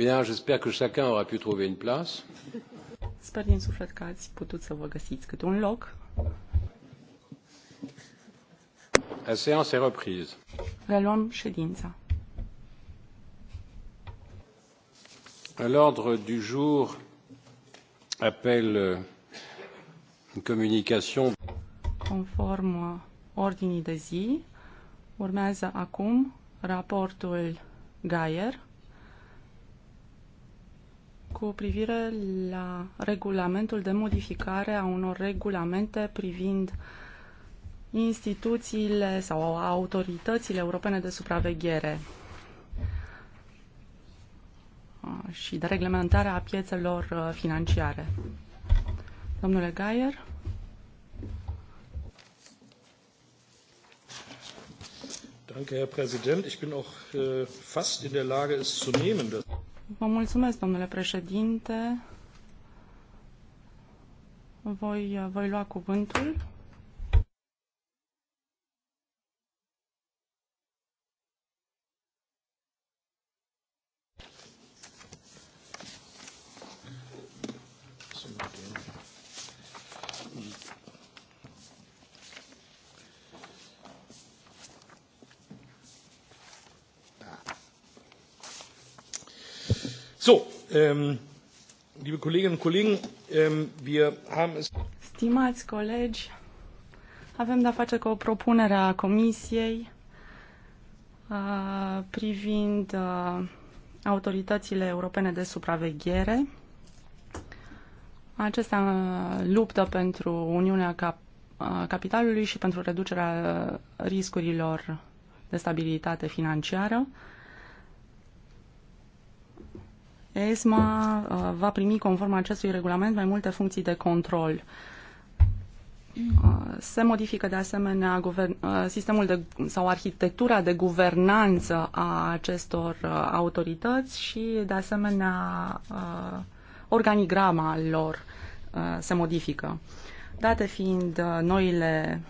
Bine, j'espère que chacun aura pu trouver une place. Sper din suflet că ați putut să vă găsiți câte un loc. La séance est reprise. Reluăm ședința. L'ordre du jour appelle euh, une communication. Conform uh, ordinii de zi, urmează acum raportul Gaier cu privire la regulamentul de modificare a unor regulamente privind instituțiile sau autoritățile europene de supraveghere uh, și de reglementare a piețelor uh, financiare. Domnule Gaier? Danke, Herr Präsident. Ich bin auch äh, fast in der Lage, es zu nehmen. Vă mulțumesc, domnule președinte. Voi, voi lua cuvântul. So, ähm, liebe Kolleginnen und Kollegen, ähm, wir haben es. Stimați colegi, avem de-a face cu o propunere a Comisiei uh, privind uh, autoritățile europene de supraveghere. Acestea uh, luptă pentru Uniunea Cap uh, Capitalului și pentru reducerea uh, riscurilor de stabilitate financiară. Uh, ESMA uh, va primi, conform acestui regulament, mai multe funcții de control. Uh, se modifică de asemenea uh, sistemul de, sau arhitectura de guvernanță a acestor autorități și, de asemenea, organigrama lor se modifică. Date fiind noile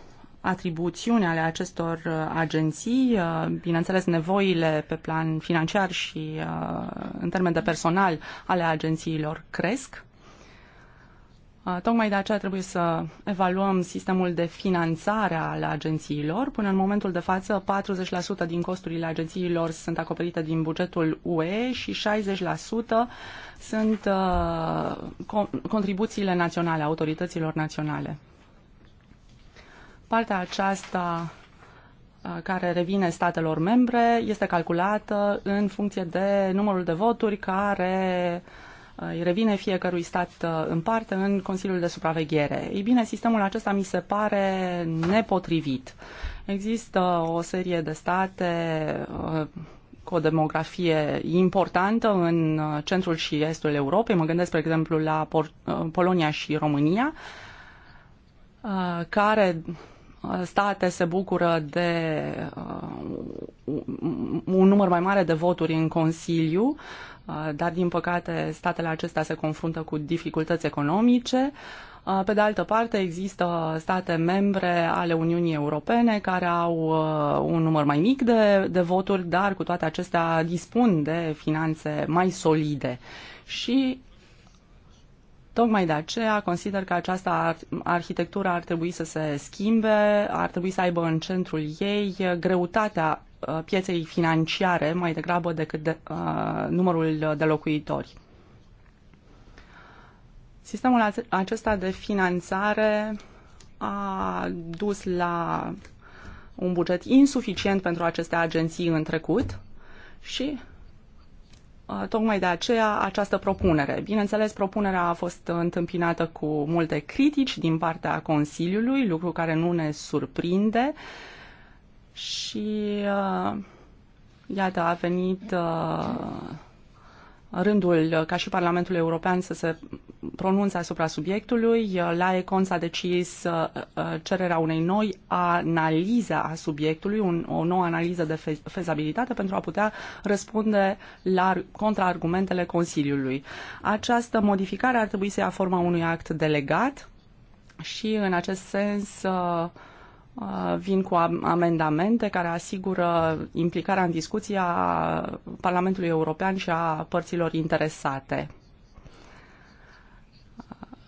atribuțiuni ale acestor uh, agenții, uh, bineînțeles nevoile pe plan financiar și uh, în termen de personal ale agențiilor cresc. Tocmai de aceea trebuie să evaluăm sistemul de finanțare al agențiilor. Până în momentul de față, 40% din costurile agențiilor sunt acoperite din bugetul UE și 60% sunt contribuțiile naționale, autorităților naționale. Partea aceasta uh, care revine statelor membre este calculată în funcție de numărul de voturi care uh, îi revine fiecărui stat uh, în parte în Consiliul de Supraveghere. Ei bine, sistemul acesta mi se pare nepotrivit. Există o serie de state cu o demografie importantă în centrul și estul Europei. Mă gândesc, spre exemplu, la Polonia și România, care state se bucură de uh, un număr mai mare de voturi în Consiliu, uh, dar din păcate statele acestea se confruntă cu dificultăți economice. Uh, pe de altă parte, există state membre ale Uniunii Europene care au un număr mai mic de, de voturi, dar cu toate acestea dispun de finanțe mai solide. Și Tocmai de aceea consider că această ar- arhitectură ar trebui să se schimbe, ar trebui să aibă în centrul ei greutatea uh, pieței financiare mai degrabă decât de, uh, numărul de locuitori. Sistemul acesta de finanțare a dus la un buget insuficient pentru aceste agenții în trecut și Uh, tocmai de aceea această propunere. Bineînțeles, propunerea a fost întâmpinată cu multe critici din partea Consiliului, lucru care nu ne surprinde și uh, iată, a venit uh, rândul ca și Parlamentul European să se pronunțe asupra subiectului. La Econ s-a decis uh, uh, cererea unei noi analize a subiectului, un, o nouă analiză de fe, fezabilitate pentru a putea răspunde la contraargumentele Consiliului. Această modificare ar trebui să ia forma unui act delegat și în acest sens uh, Uh, vin cu amendamente care asigură implicarea în discuție a Parlamentului European și a părților interesate. Uh,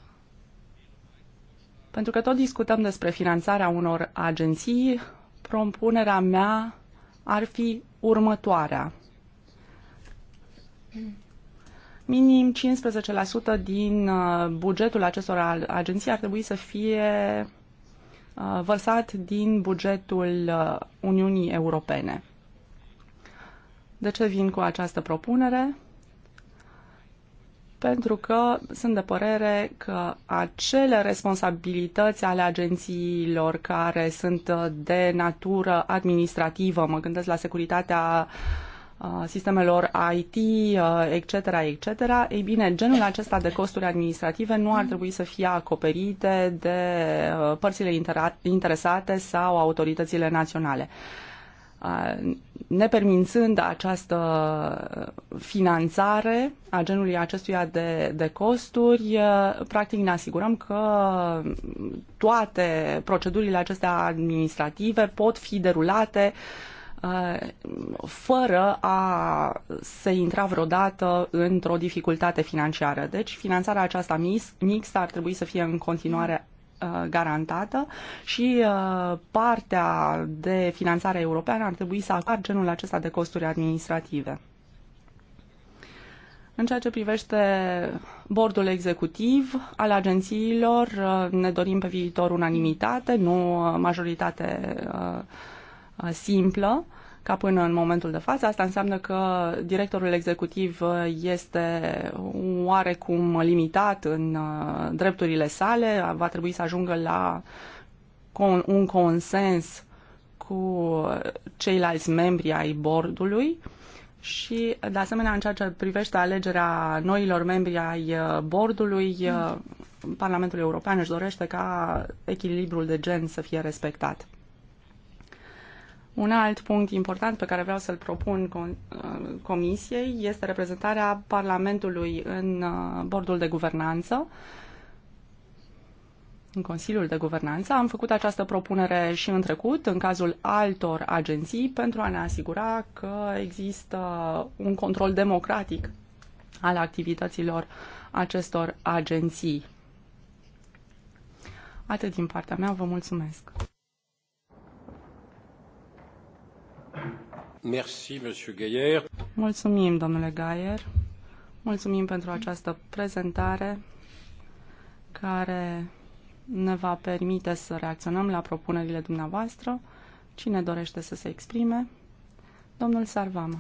pentru că tot discutăm despre finanțarea unor agenții, propunerea mea ar fi următoarea. Minim 15% din uh, bugetul acestor agenții ar trebui să fie Uh, vărsat din bugetul uh, Uniunii Europene. De ce vin cu această propunere? Pentru că sunt de părere că acele responsabilități ale agențiilor care sunt uh, de natură administrativă, mă gândesc la securitatea uh, Uh, sistemelor IT, uh, etc., etc., ei bine, genul acesta de costuri administrative nu ar trebui să fie acoperite de uh, părțile interesate sau autoritățile naționale. Nepermințând această finanțare a genului acestuia de, de costuri, practic ne asigurăm că toate procedurile acestea administrative pot fi derulate uh, Uh, fără a se intra vreodată într-o dificultate financiară. Deci finanțarea aceasta mixtă ar trebui să fie în continuare uh, garantată și uh, partea de finanțare europeană ar trebui să acoperă genul acesta de costuri administrative. În ceea ce privește bordul executiv al agențiilor, ne dorim pe viitor unanimitate, nu majoritate uh, simplă ca până în momentul de față. Asta înseamnă că directorul executiv este oarecum limitat în uh, drepturile sale, va trebui să ajungă la un consens cu ceilalți membri ai bordului și, de asemenea, în ceea ce privește alegerea noilor membri ai uh, bordului, uh, Parlamentul European își dorește ca echilibrul de gen să fie respectat. Un alt punct important pe care vreau să-l propun uh, Comisiei este reprezentarea Parlamentului în uh, bordul de guvernanță, în Consiliul de Guvernanță. Am făcut această propunere și în trecut, în cazul altor agenții, pentru a ne asigura că există un control democratic al activităților acestor agenții. Atât din partea mea, vă mulțumesc. Merci, monsieur Mulțumim, domnule Gaier. Mulțumim pentru această prezentare care ne va permite să reacționăm la propunerile dumneavoastră. Cine dorește să se exprime? Domnul Sarvama.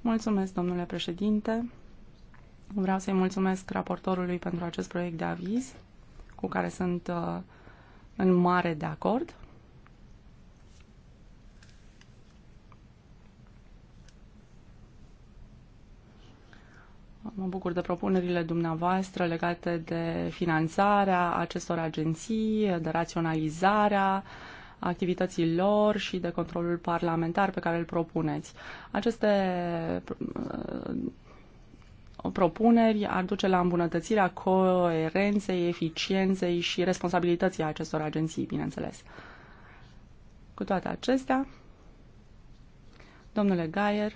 Mulțumesc, domnule președinte. Vreau să-i mulțumesc raportorului pentru acest proiect de aviz, cu care sunt uh, în mare de acord. Mă bucur de propunerile dumneavoastră legate de finanțarea acestor agenții, de raționalizarea activității lor și de controlul parlamentar pe care îl propuneți. Aceste uh, propuneri ar duce la îmbunătățirea coerenței, eficienței și responsabilității acestor agenții, bineînțeles. Cu toate acestea, domnule Gaier,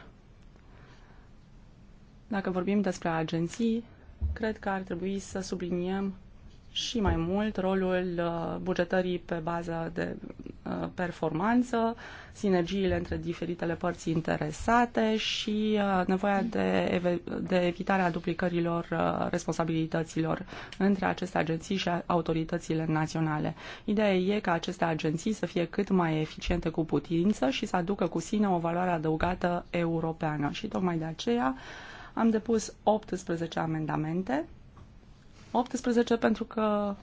dacă vorbim despre agenții, cred că ar trebui să subliniem și mai mult rolul uh, bugetării pe bază de uh, performanță, sinergiile între diferitele părți interesate și uh, nevoia de, de evitarea duplicărilor responsabilităților între aceste agenții și autoritățile naționale. Ideea e ca aceste agenții să fie cât mai eficiente cu putință și să aducă cu sine o valoare adăugată europeană și tocmai de aceea am depus 18 amendamente. 18 pentru că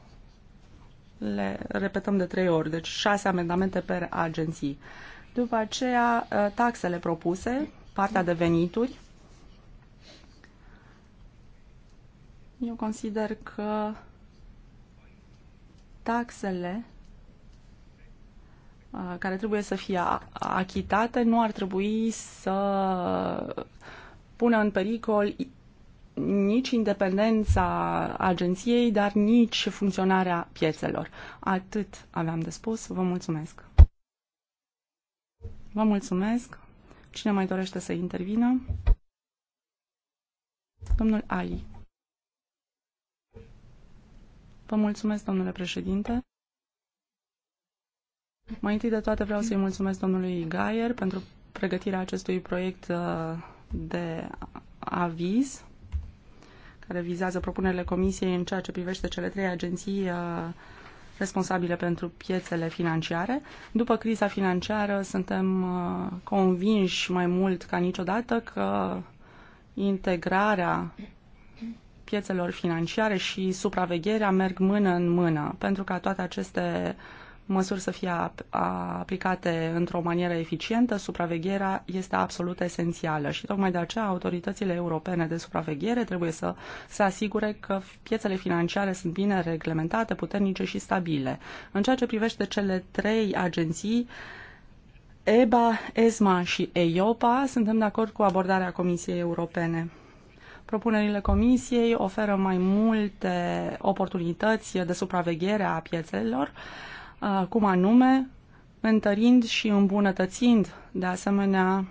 le repetăm de trei ori, deci 6 amendamente per agenții. După aceea, ă, taxele propuse, partea de venituri. Eu consider că taxele ă, care trebuie să fie achitate nu ar trebui să pună în pericol nici independența agenției, dar nici funcționarea piețelor. Atât aveam de spus. Vă mulțumesc. Vă mulțumesc. Cine mai dorește să intervină? Domnul Ali. Vă mulțumesc, domnule președinte. Mai întâi de toate vreau să-i mulțumesc domnului Gaier pentru pregătirea acestui proiect uh, de aviz care vizează propunerile Comisiei în ceea ce privește cele trei agenții uh, responsabile pentru piețele financiare. După criza financiară suntem uh, convinși mai mult ca niciodată că integrarea piețelor financiare și supravegherea merg mână în mână, pentru ca toate aceste uh, măsuri să fie aplicate într-o manieră eficientă, supravegherea este absolut esențială și tocmai de aceea autoritățile europene de supraveghere trebuie să se asigure că piețele financiare sunt bine reglementate, puternice și stabile. În ceea ce privește cele trei agenții, EBA, ESMA și EIOPA, suntem de acord cu abordarea Comisiei Europene. Propunerile Comisiei oferă mai multe oportunități de supraveghere a piețelor, uh, cum anume, întărind și îmbunătățind, de asemenea,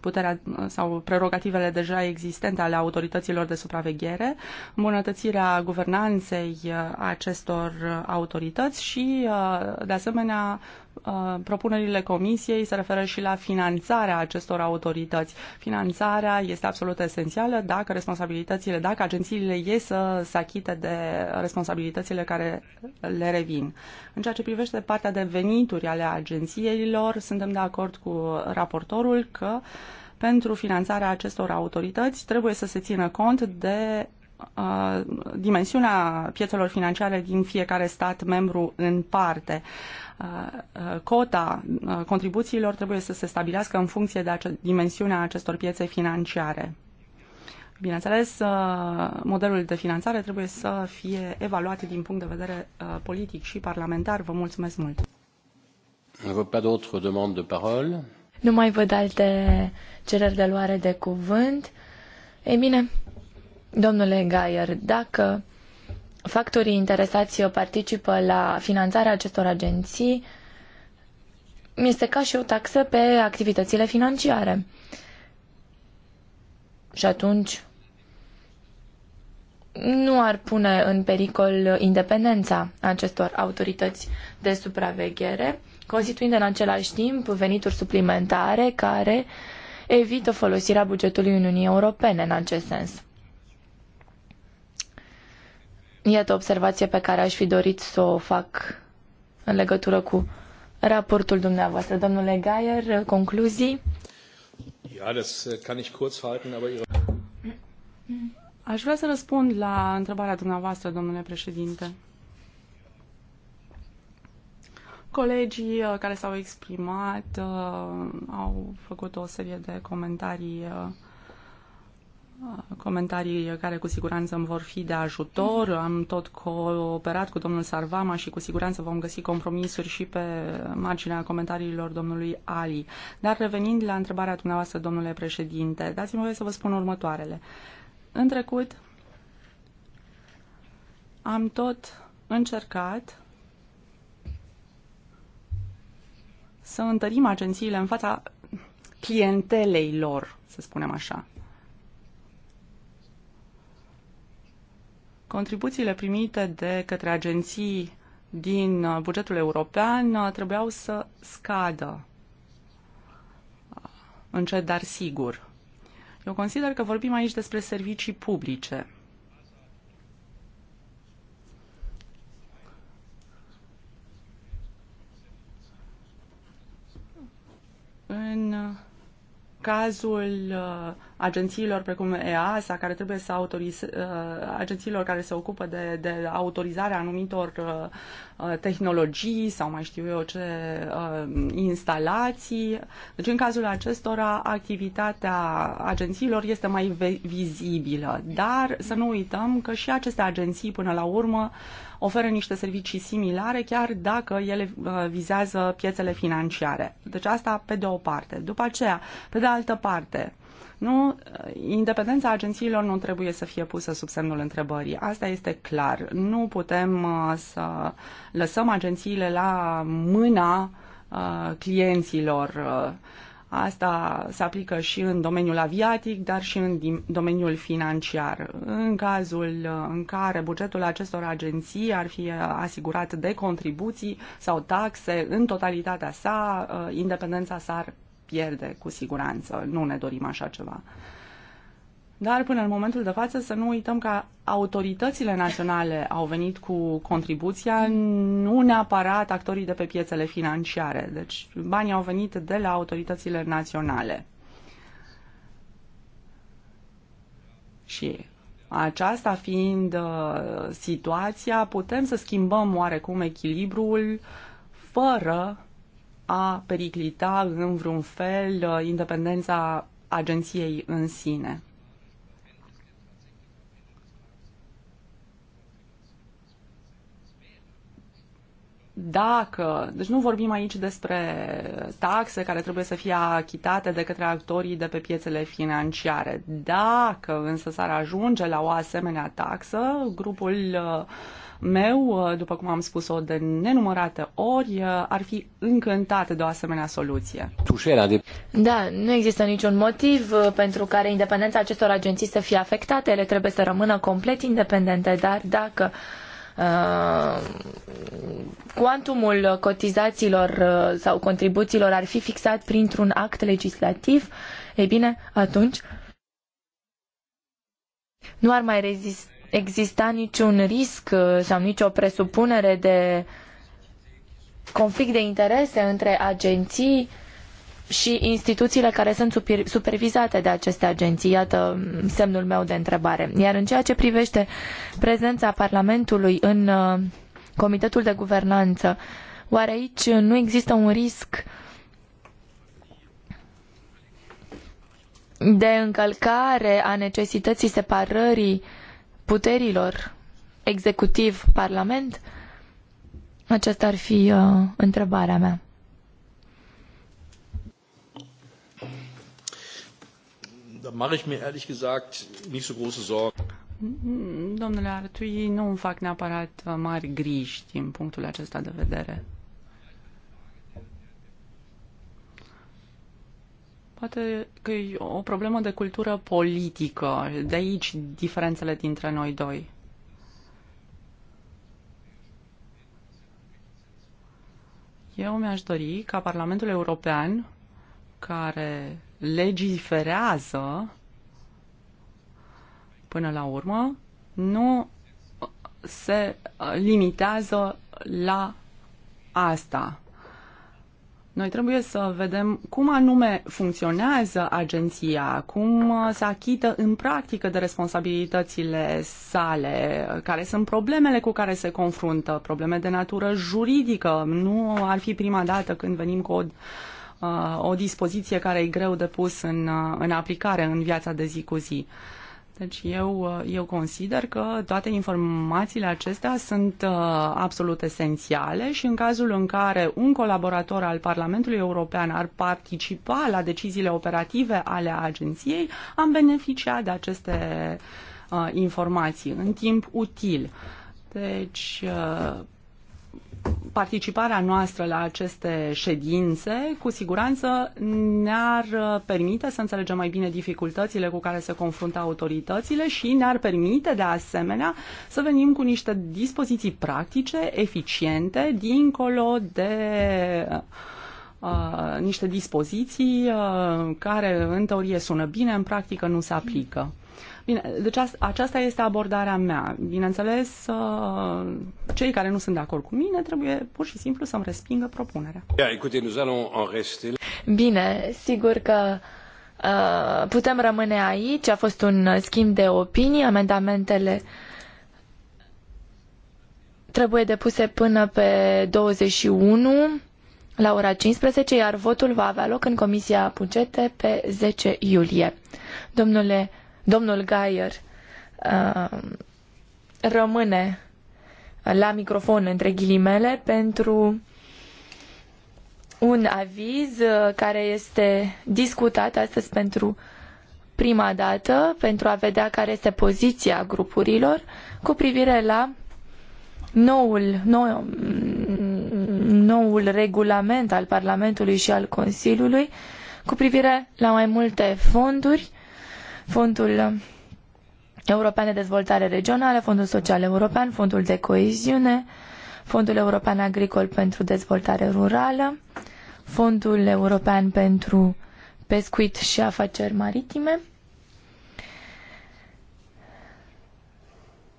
puterea sau prerogativele deja existente ale autorităților de supraveghere, îmbunătățirea guvernanței uh, acestor autorități și, uh, de asemenea, Uh, propunerile comisiei se referă și la finanțarea acestor autorități. Finanțarea este absolut esențială dacă responsabilitățile, dacă agențiile ies să se achite de responsabilitățile care le revin. În ceea ce privește partea de venituri ale agențiilor, suntem de acord cu raportorul că pentru finanțarea acestor autorități trebuie să se țină cont de uh, dimensiunea piețelor financiare din fiecare stat membru în parte. Uh, cota uh, contribuțiilor trebuie să se stabilească în funcție de ace- dimensiunea acestor piețe financiare. Bineînțeles, uh, modelul de finanțare trebuie să fie evaluat din punct de vedere politic și parlamentar. Vă mulțumesc mult! Nu mai văd alte cereri de luare de cuvânt. Ei bine, domnule Gaier, dacă factorii interesați participă la finanțarea acestor agenții, este ca și o taxă pe activitățile financiare. Și atunci nu ar pune în pericol independența acestor autorități de supraveghere, constituind în același timp venituri suplimentare care evită folosirea bugetului Uniunii Europene în acest sens. Iată o observație pe care aș fi dorit să o fac în legătură cu raportul dumneavoastră. Domnule Gaier, concluzii? Ja, das uh, kann ich kurz halten, aber Ihre... Aș vrea să răspund la întrebarea dumneavoastră, domnule președinte. Colegii uh, care s-au exprimat uh, au făcut o serie de comentarii comentarii care cu siguranță îmi vor fi de ajutor. Mhm. Am tot cooperat cu domnul Sarvama și cu siguranță vom găsi compromisuri și pe marginea comentariilor domnului Ali. Dar revenind la întrebarea dumneavoastră, domnule președinte, dați-mi voie să vă spun următoarele. În trecut am tot încercat să întărim agențiile în fața clientelei lor, să spunem așa. Contribuțiile primite de către agenții din bugetul european uh, trebuiau să scadă uh, încet, dar sigur. Eu consider că vorbim aici despre servicii publice. În cazul uh, agențiilor precum EASA, care trebuie să autorize, uh, agențiilor care se ocupă de, de autorizarea anumitor uh, uh, tehnologii sau mai știu eu ce instalații. Deci în cazul acestora activitatea agențiilor este mai vizibilă, dar să nu uităm că și aceste agenții până la urmă oferă niște servicii similare, chiar dacă ele vizează piețele financiare. Deci asta pe de o parte. După aceea, pe de altă parte, nu, independența agențiilor nu trebuie să fie pusă sub semnul întrebării. Asta este clar. Nu putem uh, să lăsăm agențiile la mâna uh, clienților. Uh, asta se aplică și în domeniul aviatic, dar și în domeniul financiar. În cazul în care bugetul acestor agenții ar fi asigurat de contribuții sau taxe în totalitatea sa, independența s-ar pierde cu siguranță. Nu ne dorim așa ceva. Dar până în momentul de față să nu uităm că autoritățile naționale au venit cu contribuția, nu neapărat actorii de pe piețele financiare. Deci banii au venit de la autoritățile naționale. Și aceasta fiind uh, situația, putem să schimbăm oarecum echilibrul fără a periclita în vreun fel uh, independența agenției în sine. dacă, deci nu vorbim aici despre taxe care trebuie să fie achitate de către actorii de pe piețele financiare. Dacă însă s-ar ajunge la o asemenea taxă, grupul uh, meu, uh, după cum am spus-o de nenumărate ori, uh, ar fi încântat de o asemenea soluție. Da, nu există niciun motiv uh, pentru care independența acestor agenții să fie afectate. Ele trebuie să rămână complet independente, dar dacă Uh, cuantumul cotizațiilor sau contribuțiilor ar fi fixat printr-un act legislativ, ei bine, atunci nu ar mai rezista exista niciun risc uh, sau nicio presupunere de conflict de interese între agenții și instituțiile care sunt supervizate de aceste agenții. Iată semnul meu de întrebare. Iar în ceea ce privește prezența Parlamentului în uh, Comitetul de Guvernanță, oare aici nu există un risc de încălcare a necesității separării uh, puterilor executiv-parlament? Aceasta ar fi uh, întrebarea mea. Da mache ich mir ehrlich gesagt nicht so große Sorgen. Domnule Artui, nu îmi fac neapărat uh, mari griji din punctul acesta de vedere. Poate că e o problemă de cultură politică, de aici diferențele dintre noi doi. Eu mi-aș dori ca Parlamentul European, care legiferează până la urmă, nu se limitează la asta. Noi trebuie să vedem cum anume funcționează agenția, cum uh, se achită în practică de responsabilitățile sale, care sunt problemele cu care se confruntă, probleme de natură juridică. Nu ar fi prima dată când venim cu o, uh, o dispoziție care e greu de pus în, uh, în aplicare în viața de zi cu zi. Uh, deci eu, uh, eu consider că toate informațiile acestea sunt uh, absolut esențiale și în cazul în care un colaborator al Parlamentului European ar participa la deciziile operative ale agenției, am beneficiat de aceste uh, informații în timp util. Deci, uh, participarea noastră la aceste ședințe, cu siguranță ne-ar uh, permite să înțelegem mai bine dificultățile cu care se confruntă autoritățile și ne-ar permite, de asemenea, să venim cu niște dispoziții practice, eficiente, dincolo de uh, niște dispoziții uh, care, în teorie, sună bine, în practică nu se aplică. Bine, deci aceasta este abordarea mea. Bineînțeles, uh, cei care nu sunt de acord cu mine trebuie pur și simplu să-mi respingă propunerea. Bine, sigur că uh, putem rămâne aici. A fost un schimb de opinii. Amendamentele trebuie depuse până pe 21 la ora 15, iar votul va avea loc în Comisia Bugete pe 10 iulie. Domnule domnul Gaier uh, rămâne la microfon între ghilimele pentru un aviz uh, care este discutat astăzi pentru prima dată pentru a vedea care este poziția grupurilor cu privire la noul, nou, noul regulament al Parlamentului și al Consiliului cu privire la mai multe fonduri Fondul European de Dezvoltare Regională, Fondul Social European, Fondul de Coeziune, Fondul European Agricol pentru Dezvoltare Rurală, Fondul European pentru Pescuit și Afaceri Maritime.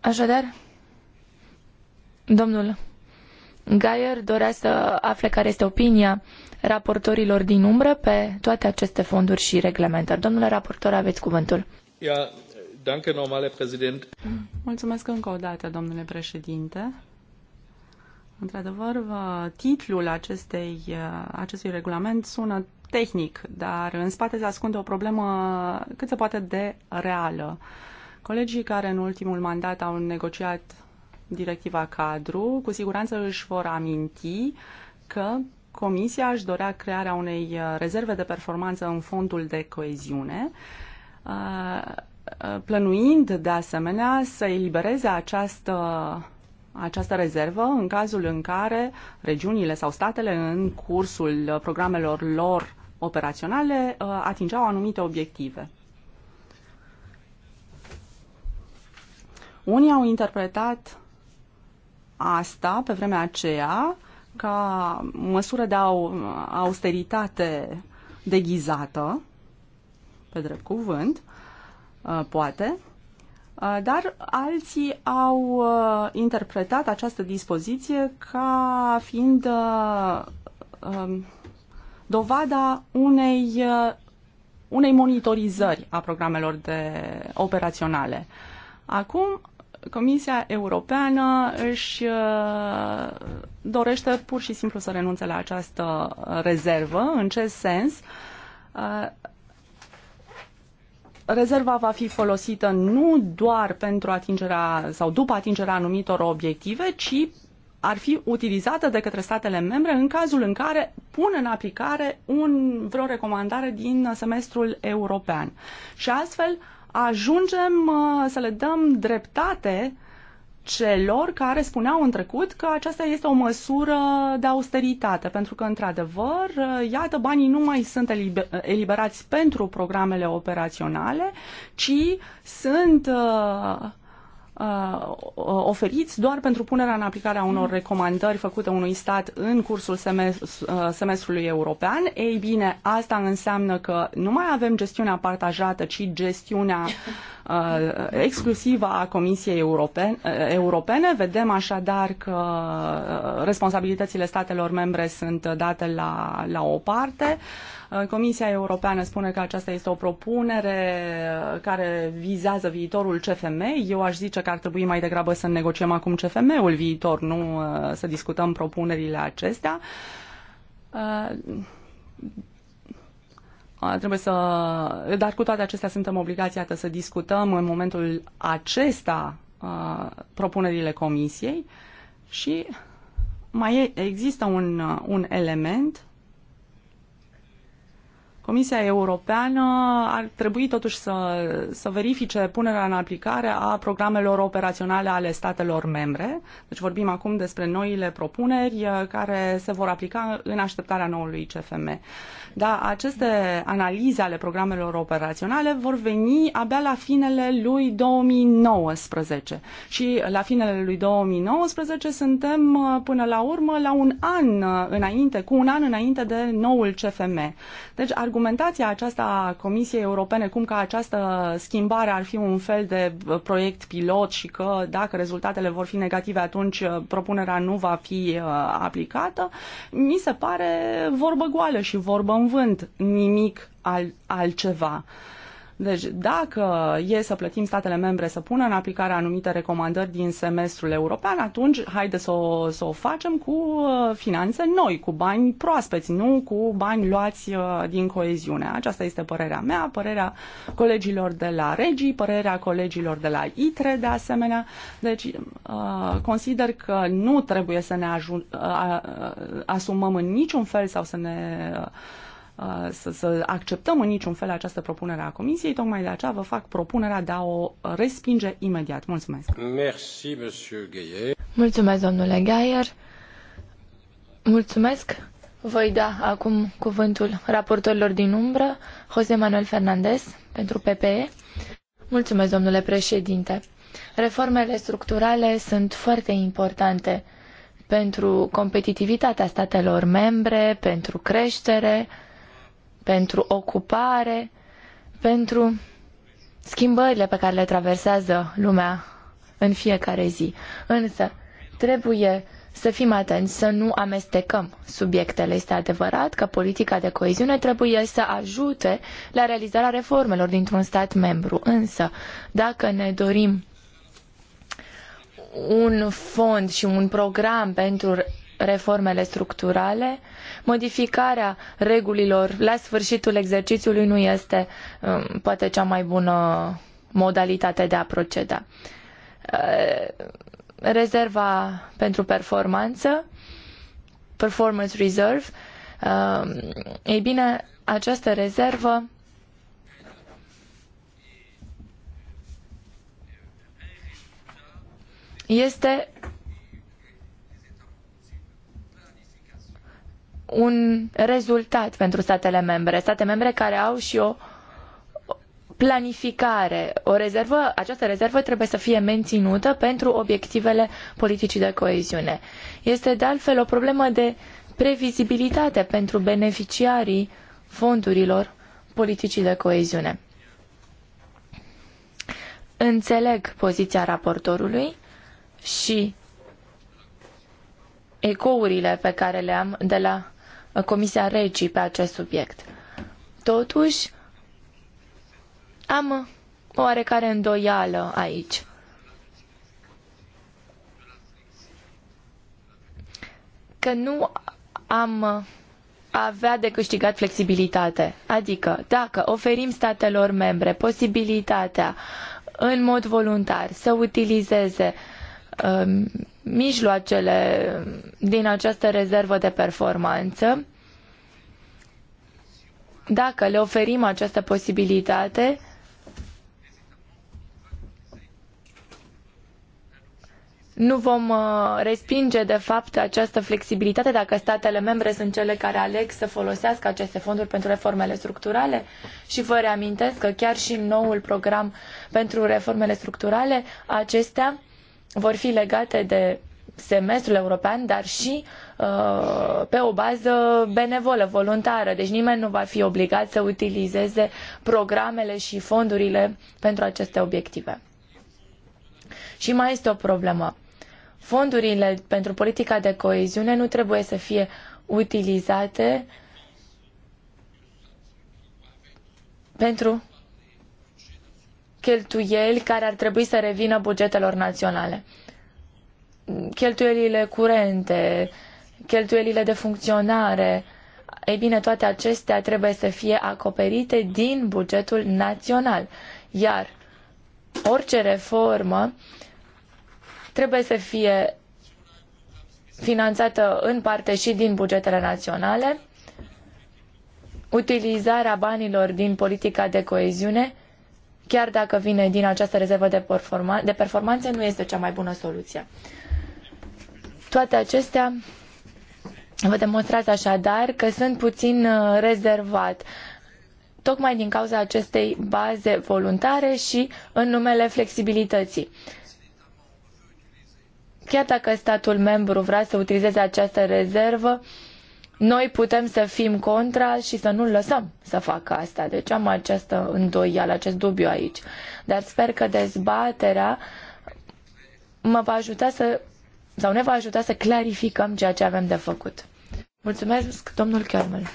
Așadar, domnul Gaier dorea să afle care este opinia raportorilor din umbră pe toate aceste fonduri și reglementări. Domnule raportor, aveți cuvântul. Ja, danke, normale, prezident. Mulțumesc încă o dată, domnule președinte. Într-adevăr, titlul acestei, acestui regulament sună tehnic, dar în spate se ascunde o problemă cât se poate de reală. Colegii care în ultimul mandat au negociat directiva cadru, cu siguranță își vor aminti că Comisia își dorea crearea unei uh, rezerve de performanță în fondul de coeziune, uh, plănuind de asemenea să elibereze această această rezervă în cazul în care regiunile sau statele în cursul programelor lor operaționale uh, atingeau anumite obiective. Unii au interpretat asta pe vremea aceea ca măsură de austeritate deghizată, pe drept cuvânt, uh, poate, uh, dar alții au uh, interpretat această dispoziție ca fiind um, dovada unei, unei monitorizări a programelor de operaționale. Acum Comisia Europeană își uh, dorește pur și simplu să renunțe la această rezervă. În ce sens? Uh, rezerva va fi folosită nu doar pentru atingerea sau după atingerea anumitor obiective, ci ar fi utilizată de către statele membre în cazul în care pun în aplicare un, vreo recomandare din semestrul european. Și astfel ajungem uh, să le dăm dreptate celor care spuneau în trecut că aceasta este o măsură de austeritate, pentru că, într-adevăr, uh, iată, banii nu mai sunt eliberați pentru programele operaționale, ci sunt uh, Uh, oferiți doar pentru punerea în aplicare a unor recomandări făcute unui stat în cursul uh, semestrului european. Ei bine, asta înseamnă că nu mai avem gestiunea partajată, ci gestiunea uh, exclusivă a Comisiei Europene. Europene. Vedem așadar că responsabilitățile statelor membre sunt date la, la o parte. Uh, Uh, Comisia Europeană spune că aceasta este o propunere uh, care vizează viitorul CFM. Eu aș zice că ar trebui mai degrabă să negociem acum CFM-ul viitor, nu uh, să discutăm propunerile acestea trebuie să... Dar cu toate acestea suntem obligați, iată, să discutăm în momentul acesta propunerile comisiei și mai există un, un element Comisia Europeană ar trebui totuși să, să verifice punerea în aplicare a programelor operaționale ale statelor membre. Deci vorbim acum despre noile propuneri uh, care se vor aplica în așteptarea noului CFM. Dar aceste analize ale programelor operaționale vor veni abia la finele lui 2019. Și la finele lui 2019 suntem uh, până la urmă la un an uh, înainte, cu un an înainte de noul CFM. Deci argumentul argumentația aceasta a Comisiei Europene, cum că această schimbare ar fi un fel de uh, proiect pilot și că dacă rezultatele vor fi negative, atunci uh, propunerea nu va fi uh, aplicată, mi se pare vorbă goală și vorbă în vânt, nimic al, altceva. Uh, deci, dacă e să plătim statele membre să pună în aplicare anumite recomandări din semestrul european, atunci haide să o, să o facem cu uh, finanțe noi, cu bani proaspeți, nu cu bani luați uh, din coeziune. Aceasta este părerea mea, părerea colegilor de la Regii, părerea colegilor de la ITRE, de asemenea. Deci, uh, consider că nu trebuie să ne asumăm în niciun fel sau să ne Uh, să, să acceptăm în niciun fel această propunere a Comisiei, tocmai de aceea vă fac propunerea de a o respinge imediat. Mulțumesc! Merci, monsieur Geyer. Mulțumesc, domnule Geyer. Mulțumesc! Voi da acum cuvântul raportorilor din umbră, José Manuel Fernandez, pentru PPE. Mulțumesc, domnule președinte. Reformele structurale sunt foarte importante pentru competitivitatea statelor membre, pentru creștere, pentru ocupare, pentru schimbările pe care le traversează lumea în fiecare zi. Însă, trebuie să fim atenți, să nu amestecăm subiectele. Este adevărat că politica de coeziune trebuie să ajute la realizarea reformelor dintr-un stat membru. Însă, dacă ne dorim un fond și un program pentru reformele structurale, modificarea regulilor la sfârșitul exercițiului nu este um, poate cea mai bună modalitate de a proceda. Uh, rezerva pentru performanță, performance reserve, um, ei bine, această rezervă este un rezultat pentru statele membre, state membre care au și o planificare, o rezervă, această rezervă trebuie să fie menținută pentru obiectivele politicii de coeziune. Este de altfel o problemă de previzibilitate pentru beneficiarii fondurilor politicii de coeziune. Înțeleg poziția raportorului și ecourile pe care le am de la Comisia Regi pe acest subiect. Totuși, am o oarecare îndoială aici. Că nu am avea de câștigat flexibilitate. Adică, dacă oferim statelor membre posibilitatea în mod voluntar să utilizeze uh, Um, mijloacele din această rezervă de performanță, dacă le oferim această posibilitate, nu vom uh, respinge de fapt această flexibilitate dacă statele membre sunt cele care aleg să folosească aceste fonduri pentru reformele structurale și vă reamintesc că chiar și în noul program pentru reformele structurale acestea vor fi legate de semestrul european, dar și uh, pe o bază benevolă, voluntară. Deci nimeni nu va fi obligat să utilizeze programele și fondurile pentru aceste obiective. Și mai este o problemă. Fondurile pentru politica de coeziune nu trebuie să fie utilizate pentru cheltuieli care ar trebui să revină bugetelor naționale. Cheltuielile curente, cheltuielile de funcționare, ei bine, toate acestea trebuie să fie acoperite din bugetul național. Iar orice reformă trebuie să fie finanțată în parte și din bugetele naționale. Utilizarea banilor din politica de coeziune chiar dacă vine din această rezervă de, performa- de performanțe, nu este cea mai bună soluție. Toate acestea vă demonstrați așadar că sunt puțin uh, rezervat tocmai din cauza acestei baze voluntare și în numele flexibilității. Chiar dacă statul membru vrea să utilizeze această rezervă, uh, noi putem să fim contra și să nu lăsăm să facă asta. Deci am această îndoială, acest dubiu aici. Dar sper că dezbaterea mă va ajuta să, sau ne va ajuta să clarificăm ceea ce avem de făcut. Mulțumesc, domnul Kermel.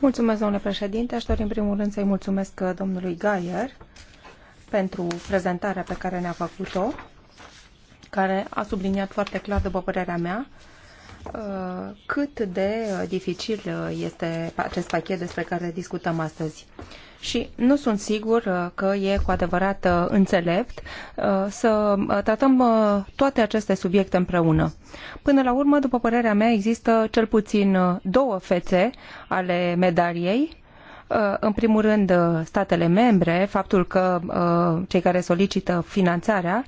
Mulțumesc, domnule președinte. Aș dori în primul rând să-i mulțumesc domnului Gaier pentru prezentarea pe care ne-a făcut-o care a subliniat foarte clar, după părerea mea, uh, cât de uh, dificil uh, este acest pachet despre care discutăm astăzi. Și nu sunt sigur că e cu adevărat înțelept să tratăm toate aceste subiecte împreună. Până la urmă, după părerea mea, există cel puțin două fețe ale medaliei în primul rând statele membre, faptul că cei care solicită finanțarea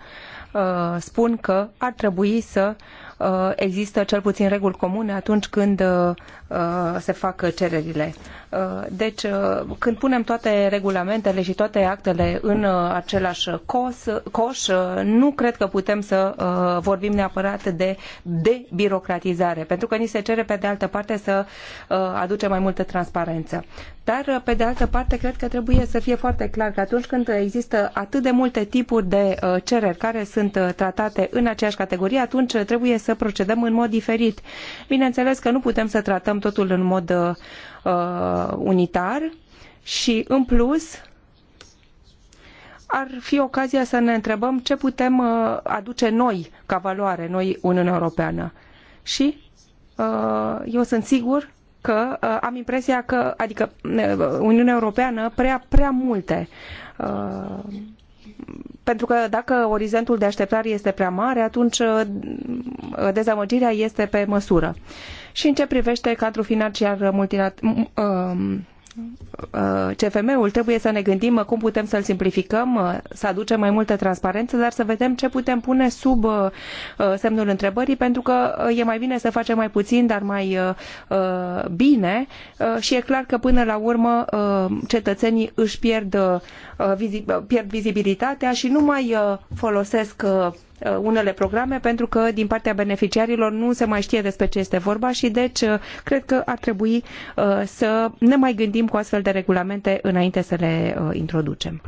Uh, spun că ar trebui să uh, există cel puțin reguli comune atunci când uh, Uh, se fac cererile. Uh, deci, uh, când punem toate regulamentele și toate actele în același cos, coș, nu cred că putem să vorbim neapărat de debirocratizare, pentru că ni se cere, pe de altă parte, să aducem mai multă transparență. Dar, pe de altă parte, cred că trebuie să fie foarte clar că atunci când există atât de multe tipuri de cereri care sunt tratate în aceeași categorie, atunci trebuie să procedăm în mod diferit. Bineînțeles că nu putem să tratăm totul în mod uh, uh, unitar și, în plus, ar fi ocazia să ne întrebăm ce putem uh, aduce noi ca valoare, noi Uniunea Europeană. Și uh, eu sunt sigur că uh, am impresia că, adică uh, Uniunea Europeană prea, prea multe. Uh, pentru că dacă orizontul de așteptare este prea mare, atunci dezamăgirea este pe măsură. Uh, și în ce privește cadrul financiar multilat, um, uh, CFM-ul, trebuie să ne gândim uh, cum putem să-l simplificăm, uh, să aducem mai multă transparență, dar să vedem ce putem pune sub semnul întrebării, pentru că e mai bine să facem mai puțin, dar mai bine și e clar că până la urmă cetățenii își pierd, pierd vizibilitatea și nu mai folosesc Uh, unele programe pentru că din partea beneficiarilor nu se mai știe despre ce este vorba și deci uh, cred că ar trebui uh, să ne mai gândim cu astfel de regulamente înainte să le introducem.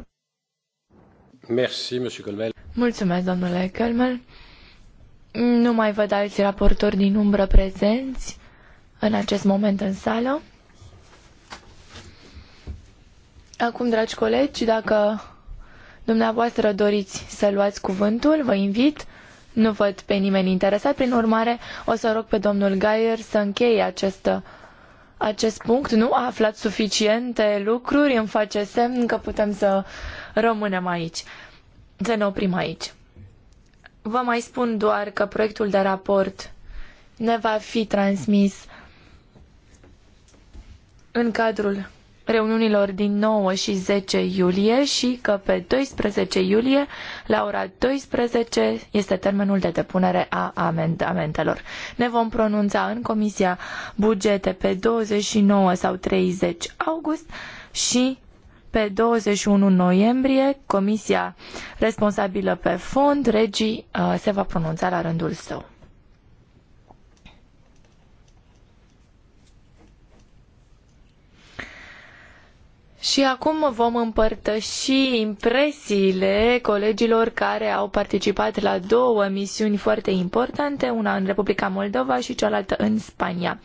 Mulțumesc, domnule Kelmel. Nu mai văd alți raportori din umbră prezenți în acest moment în sală. Acum, dragi colegi, dacă Dumneavoastră doriți să luați cuvântul, vă invit. Nu văd pe nimeni interesat, prin urmare o să rog pe domnul Gaier să încheie acest, acest punct. Nu a aflat suficiente lucruri, îmi face semn că putem să rămânem aici, să ne oprim aici. Vă mai spun doar că proiectul de raport ne va fi transmis în cadrul reuniunilor din 9 și 10 iulie și că pe 12 iulie la ora 12 este termenul de depunere a amendamentelor. Ne vom pronunța în Comisia Bugete pe 29 sau 30 august și pe 21 noiembrie Comisia responsabilă pe fond, Regi, uh, se va pronunța la rândul său. Și acum vom împărtăși impresiile colegilor care au participat la două misiuni foarte importante, una în Republica Moldova și cealaltă în Spania.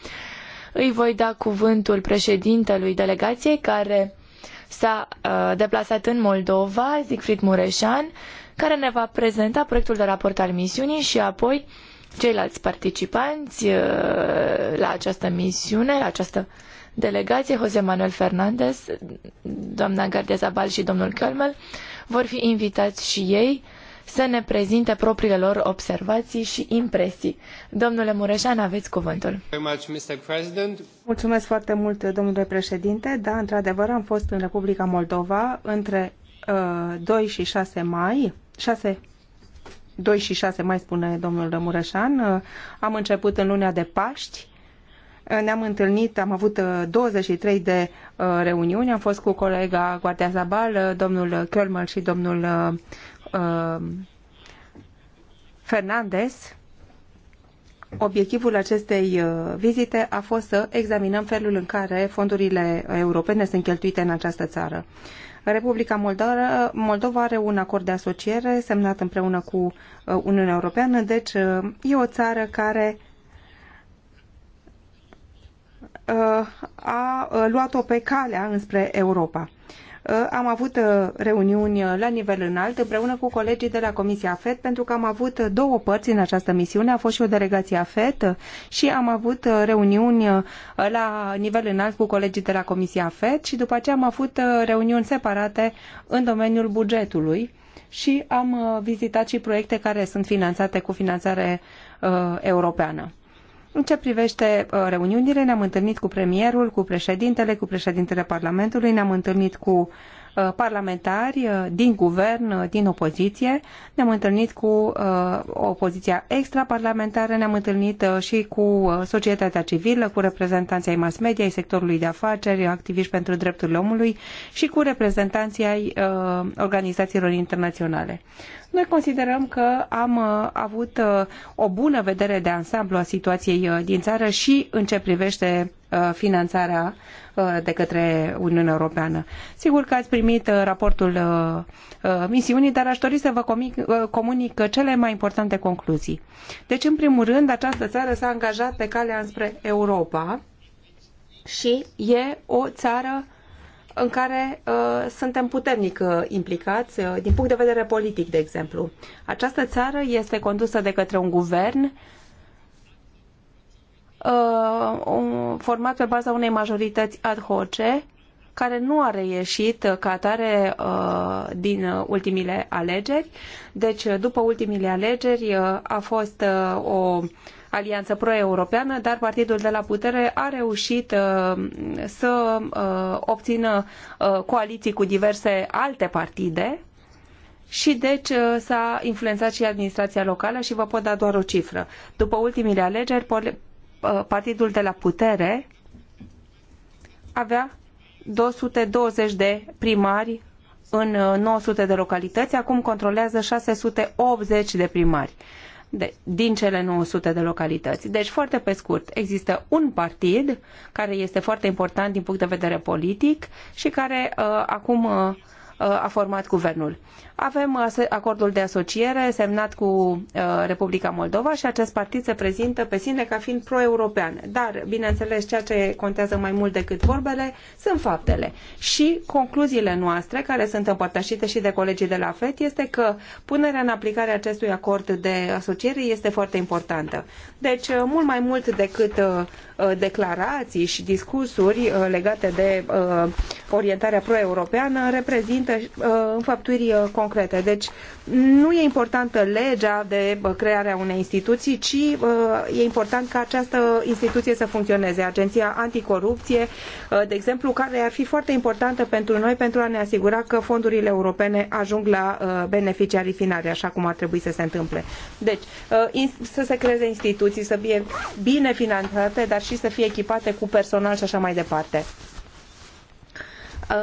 Îi voi da cuvântul președintelui delegației care s-a uh, deplasat în Moldova, Siegfried Mureșan, care ne va prezenta proiectul de raport al misiunii și apoi ceilalți participanți uh, la această misiune, la această uh, delegație, Jose Manuel Fernandez, doamna Gardia Zabal și domnul Kölmel, vor fi invitați și ei să ne prezinte propriile lor observații și impresii. Domnule Mureșan, aveți cuvântul. Mulțumesc foarte mult, domnule președinte. Da, într-adevăr, am fost în Republica Moldova între uh, 2 și 6 mai, 6 2 și 6 mai, spune domnul Mureșan. Uh, am început în luna de Paști ne-am întâlnit, am avut 23 uh, de uh, reuniuni, am fost cu colega Guardia Zabal, uh, domnul Kölmer și domnul Fernandez. Obiectivul acestei vizite a fost să examinăm felul în care fondurile europene sunt cheltuite în această țară. Republica Moldova, Moldova are un acord de asociere semnat împreună cu Uniunea Europeană, deci e o țară care a luat-o pe calea înspre Europa. Am avut reuniuni la nivel înalt împreună cu colegii de la Comisia FED pentru că am avut două părți în această misiune. A fost și o delegație a FED și am avut reuniuni la nivel înalt cu colegii de la Comisia FED și după aceea am avut reuniuni separate în domeniul bugetului și am vizitat și proiecte care sunt finanțate cu finanțare europeană în ce privește uh, reuniunile, ne-am întâlnit cu premierul, cu președintele, cu președintele Parlamentului, ne-am întâlnit cu uh, parlamentari uh, din guvern, din opoziție. Ne-am întâlnit cu opoziția extraparlamentară, ne-am întâlnit și cu societatea civilă, cu reprezentanții ai mass media, ai sectorului de afaceri, activiști pentru drepturile omului și cu reprezentanții ai organizațiilor internaționale. Noi considerăm că am uh, avut uh, o bună vedere de ansamblu a situației uh, din țară și în ce privește finanțarea de către Uniunea Europeană. Sigur că ați primit raportul misiunii, dar aș dori să vă comunic cele mai importante concluzii. Deci, în primul rând, această țară s-a angajat pe calea înspre Europa și e o țară în care uh, suntem puternic uh, implicați, uh, din punct de vedere politic, de exemplu. Această țară este condusă de către un guvern uh, format pe baza unei majorități ad hoc care nu a reieșit ca atare uh, din ultimile alegeri. Deci, după ultimile alegeri, uh, a fost uh, o alianță pro-europeană, dar partidul de la putere a reușit uh, să uh, obțină uh, coaliții cu diverse alte partide și deci s-a influențat și administrația locală și vă pot da doar o cifră. După ultimile alegeri, partidul de la putere avea 220 de primari în 900 de localități, acum controlează 680 de primari de, din cele 900 de localități. Deci, foarte pe scurt, există un partid care este foarte important din punct de vedere politic și care uh, acum uh, uh a format guvernul. Avem acordul de asociere semnat cu uh, Republica Moldova și acest partid se prezintă pe sine ca fiind pro-european. Dar, bineînțeles, ceea ce contează mai mult decât vorbele sunt faptele. Și concluziile noastre, care sunt împărtășite și de colegii de la FED, este că punerea în aplicare acestui acord de asociere este foarte importantă. Deci, uh, mult mai mult decât uh, declarații și discursuri legate de orientarea pro-europeană, reprezintă înfăptuiri concrete concrete. Deci nu e importantă legea de crearea unei instituții, ci uh, e important ca această instituție să funcționeze. Agenția Anticorupție, uh, de exemplu, care ar fi foarte importantă pentru noi pentru a ne asigura că fondurile europene ajung la uh, beneficiarii finali, așa cum ar trebui să se întâmple. Deci, să se creeze instituții, să fie bine finanțate, dar și să fie echipate cu personal și așa mai departe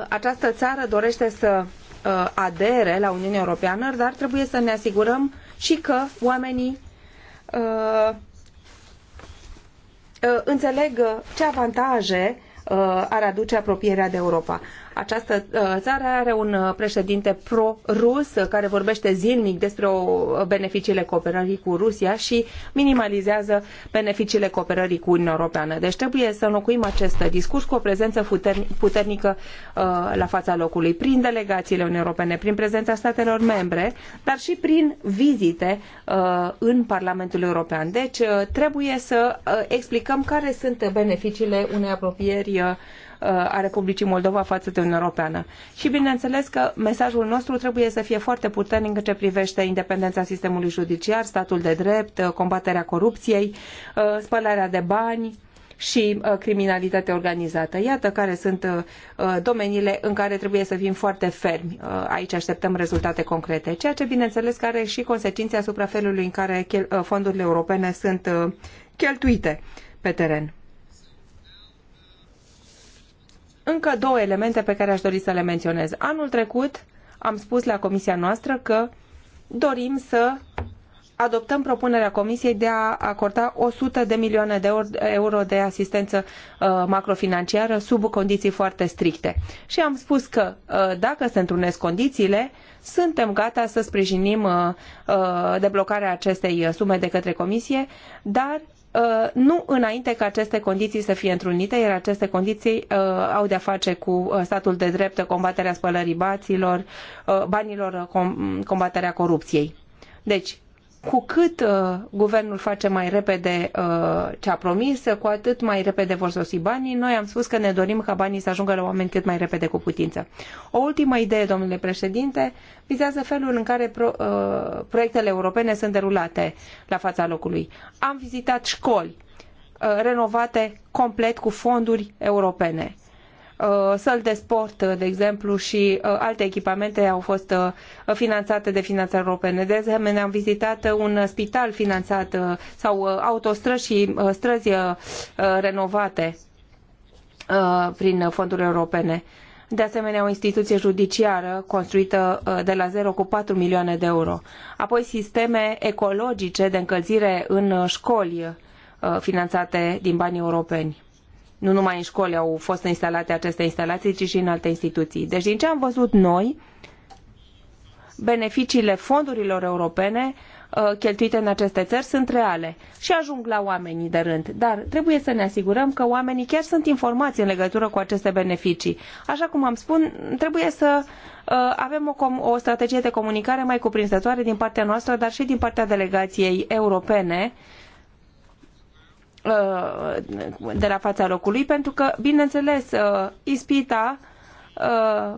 această țară dorește să Uh, adere la Uniunea Europeană, dar trebuie să ne asigurăm și că oamenii uh, uh, înțeleg ce avantaje ar aduce apropierea de Europa. Această uh, țară are un uh, președinte pro-rus uh, care vorbește zilnic despre beneficiile cooperării cu Rusia și minimalizează beneficiile cooperării cu Uniunea Europeană. Deci trebuie să înlocuim acest discurs cu o prezență puternică la fața locului, prin delegațiile Uniunii Europene, prin prezența statelor membre, dar și prin vizite în Parlamentul European. Deci trebuie să explicăm care sunt beneficiile unei apropieri Uh, a Republicii Moldova față de Uniunea Europeană. Și bineînțeles că mesajul nostru trebuie să fie foarte puternic în ce privește independența sistemului judiciar, statul de drept, uh, combaterea corupției, uh, spălarea de bani, și criminalitatea organizată. Iată care sunt domeniile în care trebuie să fim foarte fermi. Aici așteptăm rezultate concrete, ceea ce bineînțeles că are și consecințe asupra felului în care fondurile europene sunt cheltuite pe teren. încă două elemente pe care aș dori să le menționez. Anul trecut am spus la comisia noastră că dorim să adoptăm propunerea Comisiei de a acorda 100 de milioane de euro de asistență uh, macrofinanciară sub condiții foarte stricte. Și am spus că uh, dacă se întrunesc condițiile, suntem gata să sprijinim uh, deblocarea acestei sume de către Comisie, dar Uh, nu înainte ca aceste condiții să fie întrunite, iar aceste condiții uh, au de-a face cu uh, statul de drept, combaterea spălării baților, banilor, combaterea corupției. Deci, cu cât uh, guvernul face mai repede uh, ce a promis, cu atât mai repede vor sosi banii. Noi am spus că ne dorim ca banii să ajungă la oameni cât mai repede cu putință. O ultimă idee, domnule președinte, vizează felul în care pro, uh, proiectele europene sunt derulate la fața locului. Am vizitat școli uh, renovate complet cu fonduri europene Uh, săli de sport, uh, de exemplu, și uh, alte echipamente au fost finanțate de finanțe europene. De asemenea, am vizitat un spital finanțat sau autostrăzi și străzi renovate prin fonduri europene. De asemenea, o instituție judiciară construită de la zero cu patru milioane de euro. Apoi sisteme ecologice de încălzire în școli finanțate din banii europeni nu numai în școli au fost instalate aceste instalații, ci și în alte instituții. Deci, din ce am văzut noi, beneficiile fondurilor europene uh, cheltuite în aceste țări sunt reale și ajung la oamenii de rând. Dar trebuie să ne asigurăm că oamenii chiar sunt informați în legătură cu aceste beneficii. Așa cum am spus, trebuie să uh, avem o, o strategie de comunicare mai cuprinzătoare din partea noastră, dar și din partea delegației europene uh, Uh, de la fața locului, pentru că, bineînțeles, uh, ispita Uh,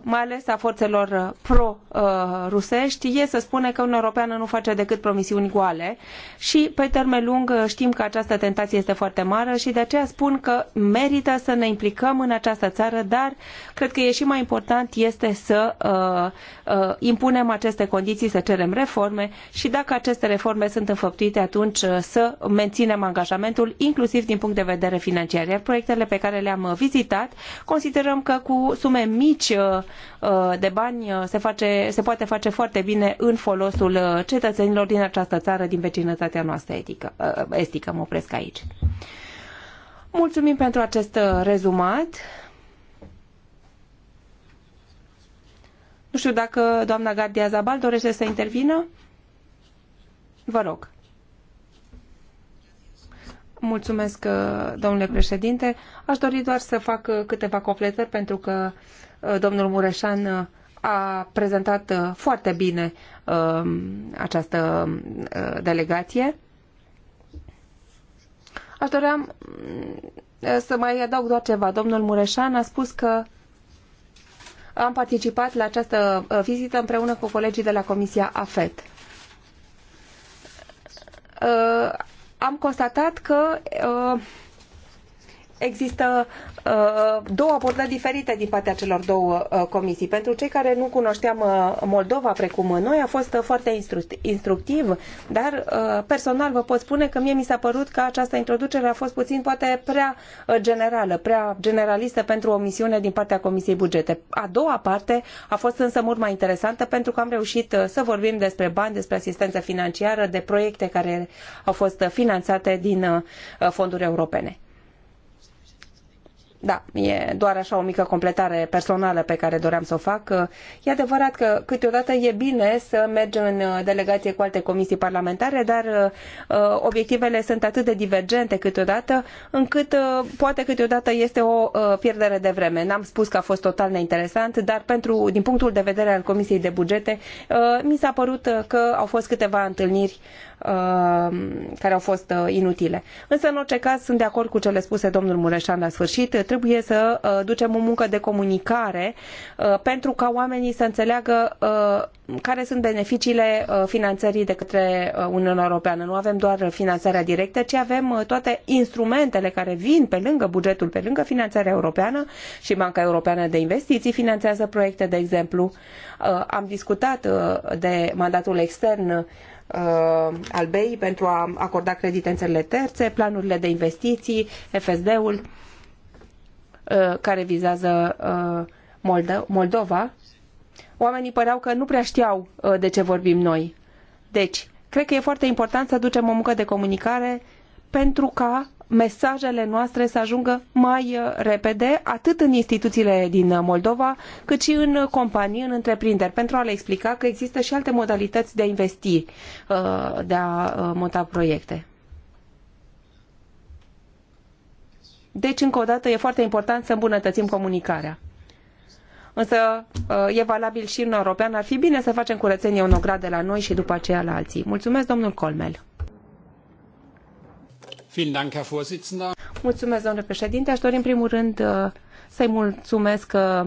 mai ales a forțelor pro-rusești, e să spune că Uniunea Europeană nu face decât promisiuni goale și pe termen lung știm că această tentație este foarte mare și de aceea spun că merită să ne implicăm în această țară, dar cred că e și mai important este să uh, uh, impunem aceste condiții, să cerem reforme și dacă aceste reforme sunt înfăptuite, atunci să menținem angajamentul, inclusiv din punct de vedere financiar. Iar proiectele pe care le-am vizitat, considerăm că cu sume mici mici uh, uh, de bani uh, se, face, se poate face foarte bine în folosul cetățenilor din această țară, din vecinătatea noastră etică, estică. Mă opresc aici. Mulțumim pentru acest rezumat. Nu știu dacă doamna Gardia Zabal dorește să intervină. Vă rog. Mulțumesc, domnule președinte. Aș dori doar să fac câteva completări pentru că Uh, domnul Mureșan uh, a prezentat uh, foarte bine um, această delegație. Aș dorea mm, să mai adaug doar ceva. Domnul Mureșan a spus că am participat la această vizită împreună cu colegii de la Comisia AFET. Am constatat că există uh, două abordări diferite din partea celor două uh, comisii. Pentru cei care nu cunoșteam uh, Moldova precum noi, a fost foarte instructiv, dar personal vă pot spune că mie mi s-a părut că această introducere a fost puțin poate prea generală, prea generalistă pentru o misiune din partea Comisiei Bugete. A doua parte a fost însă mult mai interesantă pentru că am reușit să vorbim despre bani, despre asistență financiară, de proiecte care au fost finanțate din fonduri europene. Da, e doar așa o mică completare personală pe care doream să o fac. E adevărat că câteodată e bine să mergem în delegație cu alte comisii parlamentare, dar uh, obiectivele sunt atât de divergente câteodată, încât uh, poate câteodată este o uh, pierdere de vreme. N-am spus că a fost total neinteresant, dar pentru, din punctul de vedere al Comisiei de Bugete, mi s-a părut că au fost câteva întâlniri care au fost inutile. Însă, în orice caz, sunt de acord cu cele spuse domnul Mureșan la sfârșit trebuie să uh, ducem o muncă de comunicare uh, pentru ca oamenii să înțeleagă uh, care sunt beneficiile finanțării de către Uniunea Europeană. Nu avem doar finanțarea directă, ci avem toate instrumentele care vin pe lângă bugetul, pe lângă finanțarea europeană și Banca Europeană de Investiții finanțează proiecte, de exemplu. Am discutat de mandatul extern al BEI pentru a acorda credite în țările terțe, planurile de investiții, FSD-ul. Uh, care vizează uh, Moldova, oamenii păreau că nu prea știau uh, de ce vorbim noi. Deci, cred că e foarte important să ducem o muncă de comunicare pentru ca mesajele noastre să ajungă mai repede, atât în instituțiile din Moldova, cât și în companii, în întreprinderi, pentru a le explica că există și alte modalități de a investi, de a monta proiecte. Deci, încă o dată, e foarte important să îmbunătățim comunicarea. Însă uh, e valabil și în european. Ar fi bine să facem curățenie unor grade la noi și după aceea la alții. Mulțumesc, domnul Colmel. Mulțumesc, domnule președinte. Aș dori în primul rând uh, să-i mulțumesc uh,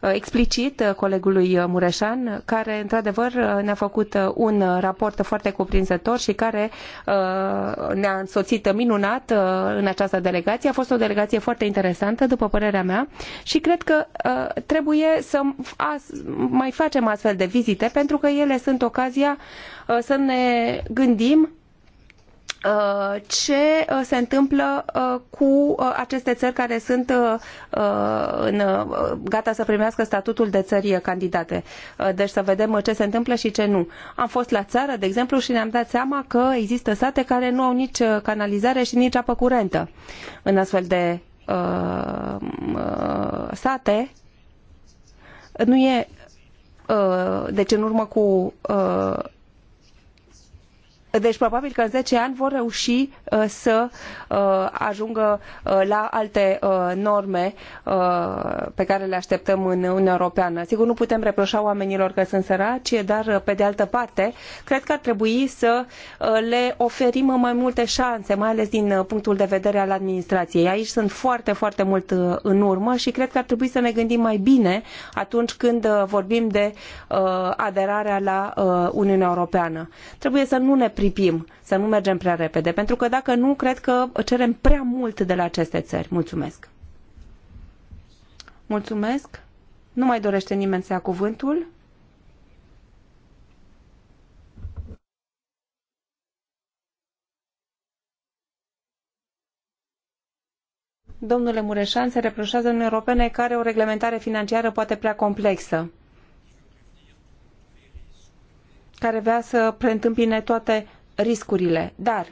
uh, explicit uh, colegului Mureșan, care într-adevăr ne-a făcut un raport foarte cuprinzător și care ne-a însoțit minunat în această delegație. A fost o delegație foarte interesantă, după părerea mea, și cred că trebuie să mai facem astfel de vizite, pentru că ele sunt ocazia să ne gândim Uh, ce uh, se întâmplă uh, cu aceste țări care sunt în, gata să primească statutul de țări candidate. Deci să vedem ce se întâmplă și ce nu. Am fost la țară, de exemplu, și ne-am dat seama că există sate care nu au nici canalizare și nici apă curentă în astfel de uh, sate. Nu e deci în urmă cu uh, deci probabil că în zece ani vor reuși uh, să uh, ajungă uh, la alte norme pe care le așteptăm în Uniunea Europeană. Sigur, nu putem reproșa oamenilor că sunt săraci, dar pe de altă parte, cred că ar trebui să le oferim mai multe șanse, mai ales din punctul de vedere al administrației. Aici sunt foarte, foarte mult în urmă și cred că ar trebui să ne gândim mai bine atunci când vorbim de aderarea la Uniunea Europeană. Trebuie să nu ne privim lipim, să nu mergem prea repede, pentru că dacă nu, cred că cerem prea mult de la aceste țări. Mulțumesc! Mulțumesc! Nu mai dorește nimeni să ia cuvântul? Domnule Mureșan, se reproșează în Europene care o reglementare financiară poate prea complexă care vrea să preîntâmpine toate riscurile, dar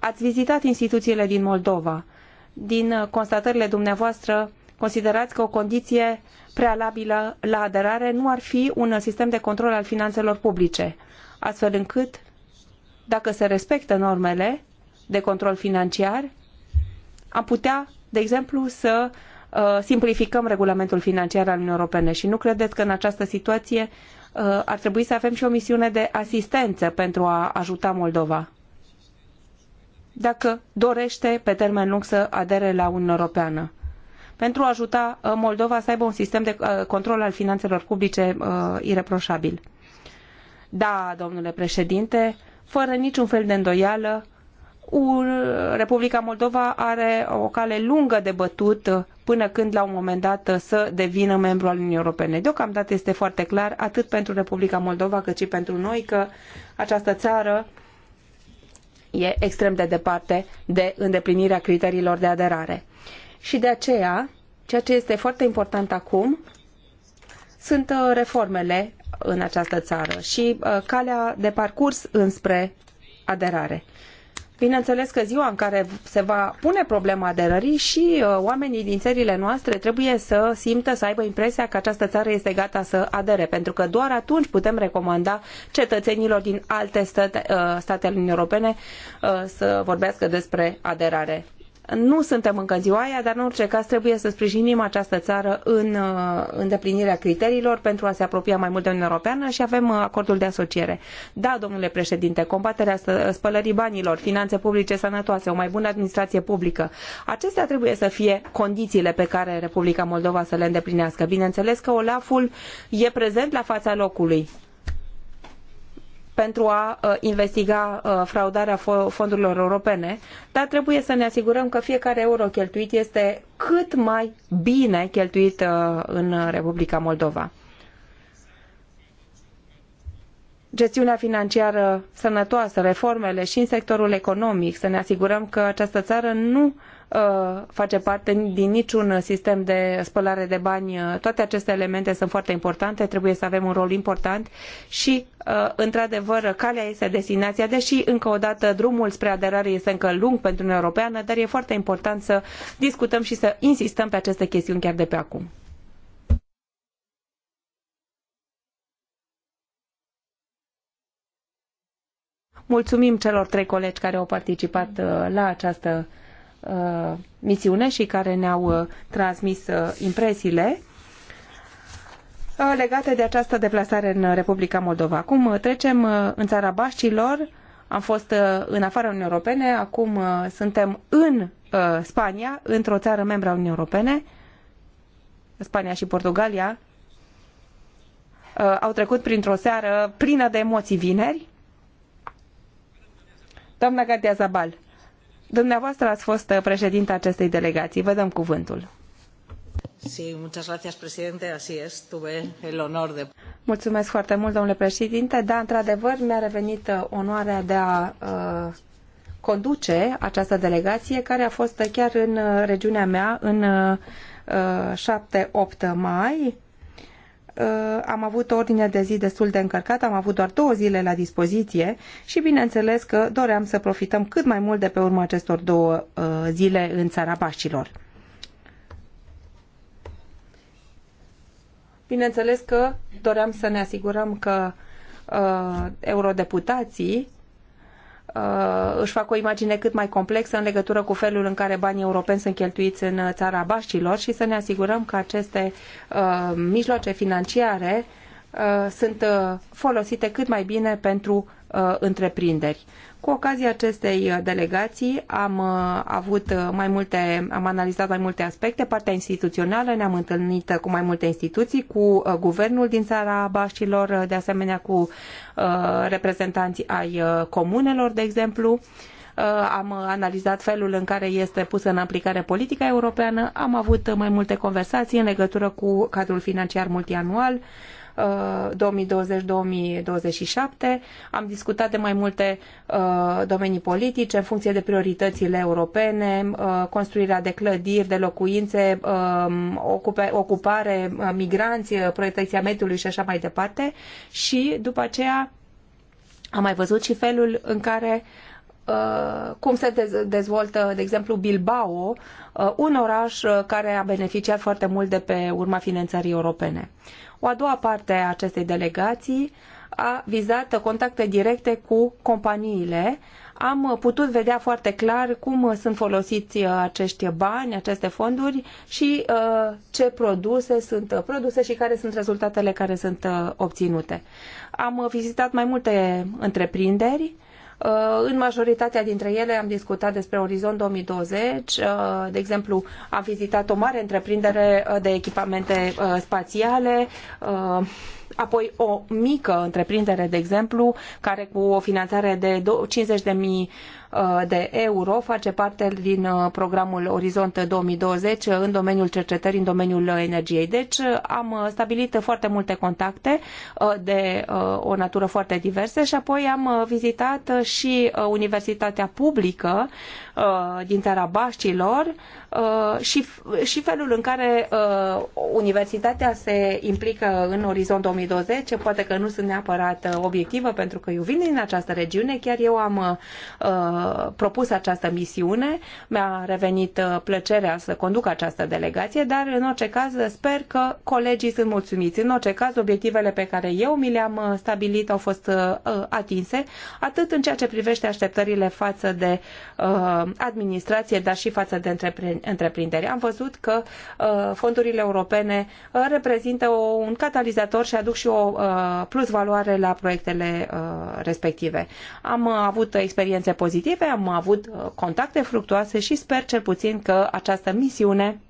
ați vizitat instituțiile din Moldova. Din uh, constatările dumneavoastră, considerați că o condiție prealabilă la aderare nu ar fi un uh, sistem de control al finanțelor publice, astfel încât, dacă se respectă normele de control financiar, am putea, de exemplu, să uh, simplificăm regulamentul financiar al Uniunii Europene și nu credeți că în această situație Uh, ar trebui să avem și o misiune de asistență pentru a ajuta Moldova dacă dorește pe termen lung să adere la Uniunea Europeană pentru a ajuta uh, Moldova să aibă un sistem de uh, control al finanțelor publice uh, ireproșabil. Da, domnule președinte, fără niciun fel de îndoială, Republica Moldova are o cale lungă de bătut până când la un moment dat să devină membru al Uniunii Europene. Deocamdată este foarte clar, atât pentru Republica Moldova cât și pentru noi, că această țară e extrem de departe de îndeplinirea criteriilor de aderare. Și de aceea, ceea ce este foarte important acum sunt uh, reformele în această țară și uh, calea de parcurs înspre aderare. Bineînțeles că ziua în care se va pune problema aderării și uh, oamenii din țările noastre trebuie să simtă, să aibă impresia că această țară este gata să adere, pentru că doar atunci putem recomanda cetățenilor din alte state, uh, state ale Uniunii Europene uh, să vorbească despre aderare. Nu suntem încă în ziua aia, dar în orice caz trebuie să sprijinim această țară în uh, îndeplinirea criteriilor pentru a se apropia mai mult de Uniunea Europeană și avem uh, acordul de asociere. Da, domnule președinte, combaterea spălării banilor, finanțe publice sănătoase, o mai bună administrație publică, acestea trebuie să fie condițiile pe care Republica Moldova să le îndeplinească. Bineînțeles că OLAF-ul e prezent la fața locului pentru a uh, investiga uh, fraudarea fondurilor europene, dar trebuie să ne asigurăm că fiecare euro cheltuit este cât mai bine cheltuit uh, în Republica Moldova. Gestiunea financiară sănătoasă, reformele și în sectorul economic, să ne asigurăm că această țară nu uh, Uh, face parte din niciun sistem de spălare de bani. Uh, toate aceste elemente sunt foarte importante, trebuie să avem un rol important și, uh, într-adevăr, calea este destinația, deși, încă o dată, drumul spre aderare este încă lung pentru Uniunea Europeană, dar e foarte important să discutăm și să insistăm pe aceste chestiuni chiar de pe acum. Mulțumim celor trei colegi care au participat la această Uh, misiune și care ne-au uh, transmis uh, impresiile legate de această deplasare în Republica Moldova. Acum trecem în țara Bașcilor. Am fost în afara Uniunii Europene, acum suntem în Spania, într-o țară membra Uniunii Europene. Spania și Portugalia au trecut printr-o seară plină de emoții vineri. Doamna Gardia Zabal, Dumneavoastră ați fost uh, președinta acestei delegații. Vă dăm cuvântul. Sí, muchas gracias, presidente. Así es, tuve el honor de... Mulțumesc foarte mult, domnule președinte. Da, într-adevăr, mi-a revenit uh, onoarea de a uh, conduce această delegație, care a fost uh, chiar în regiunea mea, în uh, 7-8 mai Uh, am avut o ordine de zi destul de încărcată, am avut doar două zile la dispoziție și bineînțeles că doream să profităm cât mai mult de pe urma acestor două uh, zile în țara Baștilor. Bineînțeles că doream să ne asigurăm că uh, eurodeputații Uh, își fac o imagine cât mai complexă în legătură cu felul în care banii europeni sunt cheltuiți în uh, țara baștilor și să ne asigurăm că aceste uh, mijloace financiare uh, Uh, sunt uh, folosite cât mai bine pentru uh, întreprinderi. Cu ocazia acestei delegații am avut mai multe, am analizat mai multe aspecte, partea instituțională, ne-am întâlnit cu mai multe instituții, cu guvernul din țara Bașilor, de asemenea cu reprezentanții ai comunelor, de exemplu am analizat felul în care este pusă în aplicare politica europeană, am avut mai multe conversații în legătură cu cadrul financiar multianual, 2020-2027. Am discutat de mai multe uh, domenii politice în funcție de prioritățile europene, uh, construirea de clădiri, de locuințe, um, ocupare, uh, migranți, protecția mediului și așa mai departe. Și după aceea am mai văzut și felul în care cum se dezvoltă, de exemplu, Bilbao, un oraș care a beneficiat foarte mult de pe urma finanțării europene. O a doua parte a acestei delegații a vizat contacte directe cu companiile. Am putut vedea foarte clar cum sunt folosiți uh, acești bani, aceste fonduri și uh, ce produse sunt uh, produse și care sunt rezultatele care sunt obținute. Am vizitat mai multe întreprinderi Uh, în majoritatea dintre ele am discutat despre Orizont 2020. Uh, de exemplu, am vizitat o mare întreprindere uh, de echipamente spațiale, apoi o mică întreprindere, de exemplu, care cu o finanțare de 50.000 Uh, de euro face parte din uh, programul Orizont 2020 uh, în domeniul cercetării, în domeniul energiei. Deci am stabilit foarte multe contacte de o natură foarte diversă și apoi am vizitat și Universitatea Publică din țara Baștilor și, și felul în care Universitatea se implică în Orizont 2020. Poate că nu sunt neapărat obiectivă pentru că eu vin din această regiune, chiar eu am propus această misiune. Mi-a revenit uh, plăcerea să conduc această delegație, dar în orice caz sper că colegii sunt mulțumiți. În orice caz, obiectivele pe care eu mi le-am uh, stabilit au fost uh, atinse, atât în ceea ce privește așteptările față de administrație, dar și față de întreprinderi. Am văzut că fondurile europene reprezintă un catalizator și aduc și o plus valoare la proiectele respective. Am avut experiențe pozitive pozitive, am avut uh, contacte fructuoase și sper cel puțin că această misiune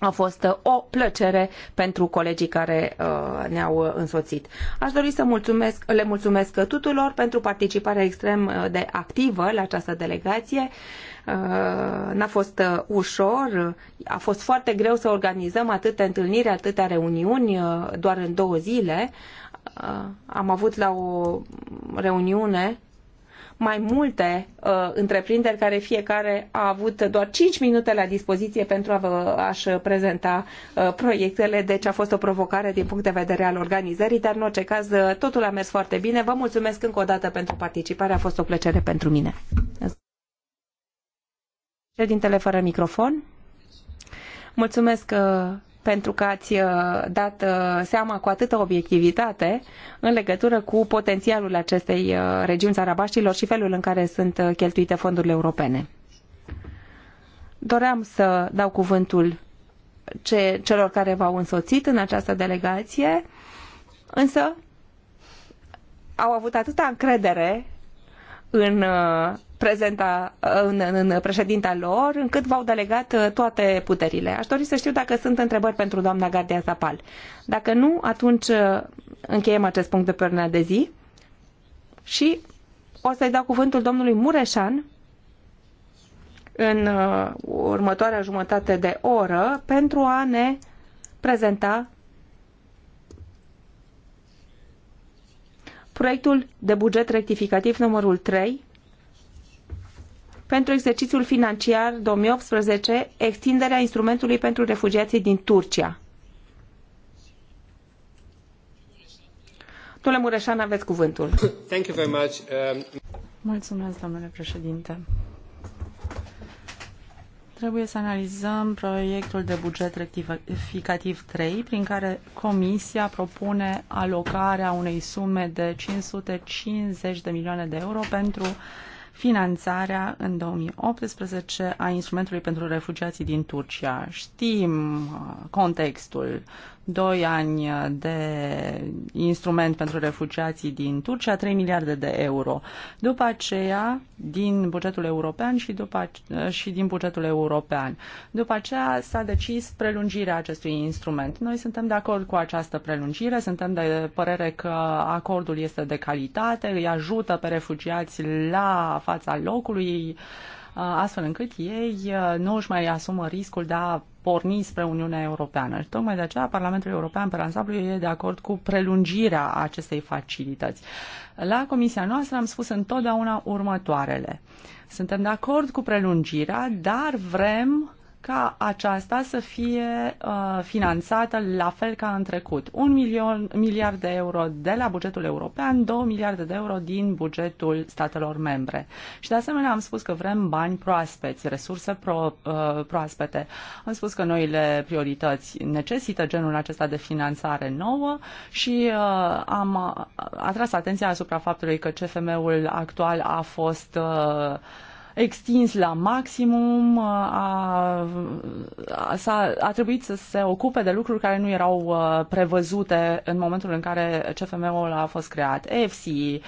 a fost uh, o plăcere pentru colegii care uh, ne-au însoțit. Aș dori să mulțumesc, le mulțumesc tuturor pentru participarea extrem de activă la această delegație. n-a fost ușor, a fost foarte greu să organizăm atâtea întâlniri, atâtea reuniuni doar în două zile. Am avut la o reuniune mai multe uh, întreprinderi care fiecare a avut doar 5 minute la dispoziție pentru a vă aș prezenta uh, proiectele, deci a fost o provocare din punct de vedere al organizării, dar în orice caz uh, totul a mers foarte bine. Vă mulțumesc încă o dată pentru participare, a fost o plăcere pentru mine. Președintele fără microfon. Mulțumesc uh, pentru că ați uh, dat uh, seama cu atâtă obiectivitate în legătură cu potențialul acestei uh, regiuni țarabaștilor și felul în care sunt cheltuite fondurile europene. Doream să dau cuvântul ce, celor care v-au însoțit în această delegație, însă au avut atâta încredere în prezenta, în, în președinta lor, încât v-au delegat uh, toate puterile. Aș dori să știu dacă sunt întrebări pentru doamna Gardia Zapal. Dacă nu, atunci uh, încheiem acest punct de pe de zi și o să-i dau cuvântul domnului Mureșan în uh, următoarea jumătate de oră pentru a ne prezenta proiectul de buget rectificativ numărul 3 pentru exercițiul financiar 2018 extinderea instrumentului pentru refugiații din Turcia. Domnule Mureșan, aveți cuvântul. Thank you very much. Um, Mulțumesc, domnule președinte. Trebuie să analizăm proiectul de buget rectificativ 3, prin care Comisia propune alocarea unei sume de 550 de milioane de euro pentru uh, finanțarea în 2018 a instrumentului pentru refugiații din Turcia. Știm uh, contextul. 2 ani de instrument pentru refugiații din Turcia, 3 miliarde de euro. După aceea, din bugetul european și, după, și din bugetul european. După aceea s-a decis prelungirea acestui instrument. Noi suntem de acord cu această prelungire, suntem de părere că acordul este de calitate, îi ajută pe refugiați la fața locului, Uh, astfel încât ei uh, nu își mai asumă riscul de a porni spre Uniunea Europeană. Și tocmai de aceea Parlamentul European pe ansamblu e de acord cu prelungirea acestei facilități. La comisia noastră am spus întotdeauna următoarele. Suntem de acord cu prelungirea, dar vrem ca aceasta să fie uh, finanțată la fel ca în trecut. Un milion, miliard de euro de la bugetul european, două miliarde de euro din bugetul statelor membre. Și de asemenea am spus că vrem bani proaspeți, resurse pro, uh, proaspete. Am spus că noile priorități necesită genul acesta de finanțare nouă și uh, am atras atenția asupra faptului că CFM-ul actual a fost uh, extins la maximum, uh, a, a, a trebuit să se ocupe de lucruri care nu erau uh, prevăzute în momentul în care CFM-ul a fost creat. EFSI,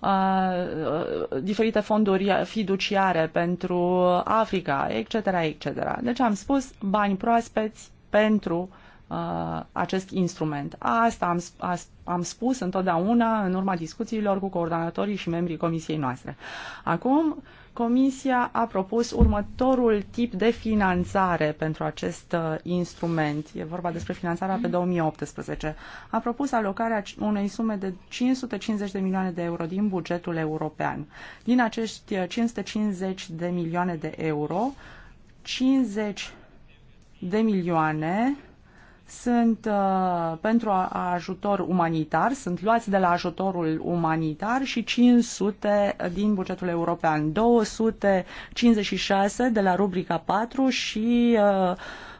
uh, diferite fonduri fiduciare pentru Africa, etc., etc. Deci am spus bani proaspeți pentru uh, acest instrument. Asta am, a, am spus întotdeauna în urma discuțiilor cu coordonatorii și membrii comisiei noastre. Acum, uh, Comisia a propus următorul tip de finanțare pentru acest uh, instrument. E vorba despre finanțarea pe 2018. A propus alocarea unei sume de 550 de milioane de euro din bugetul european. Din acești 550 uh, de milioane de euro, 50 de milioane sunt uh, pentru ajutor umanitar, sunt luați de la ajutorul umanitar și 500 din bugetul european, 256 de la rubrica 4 și uh,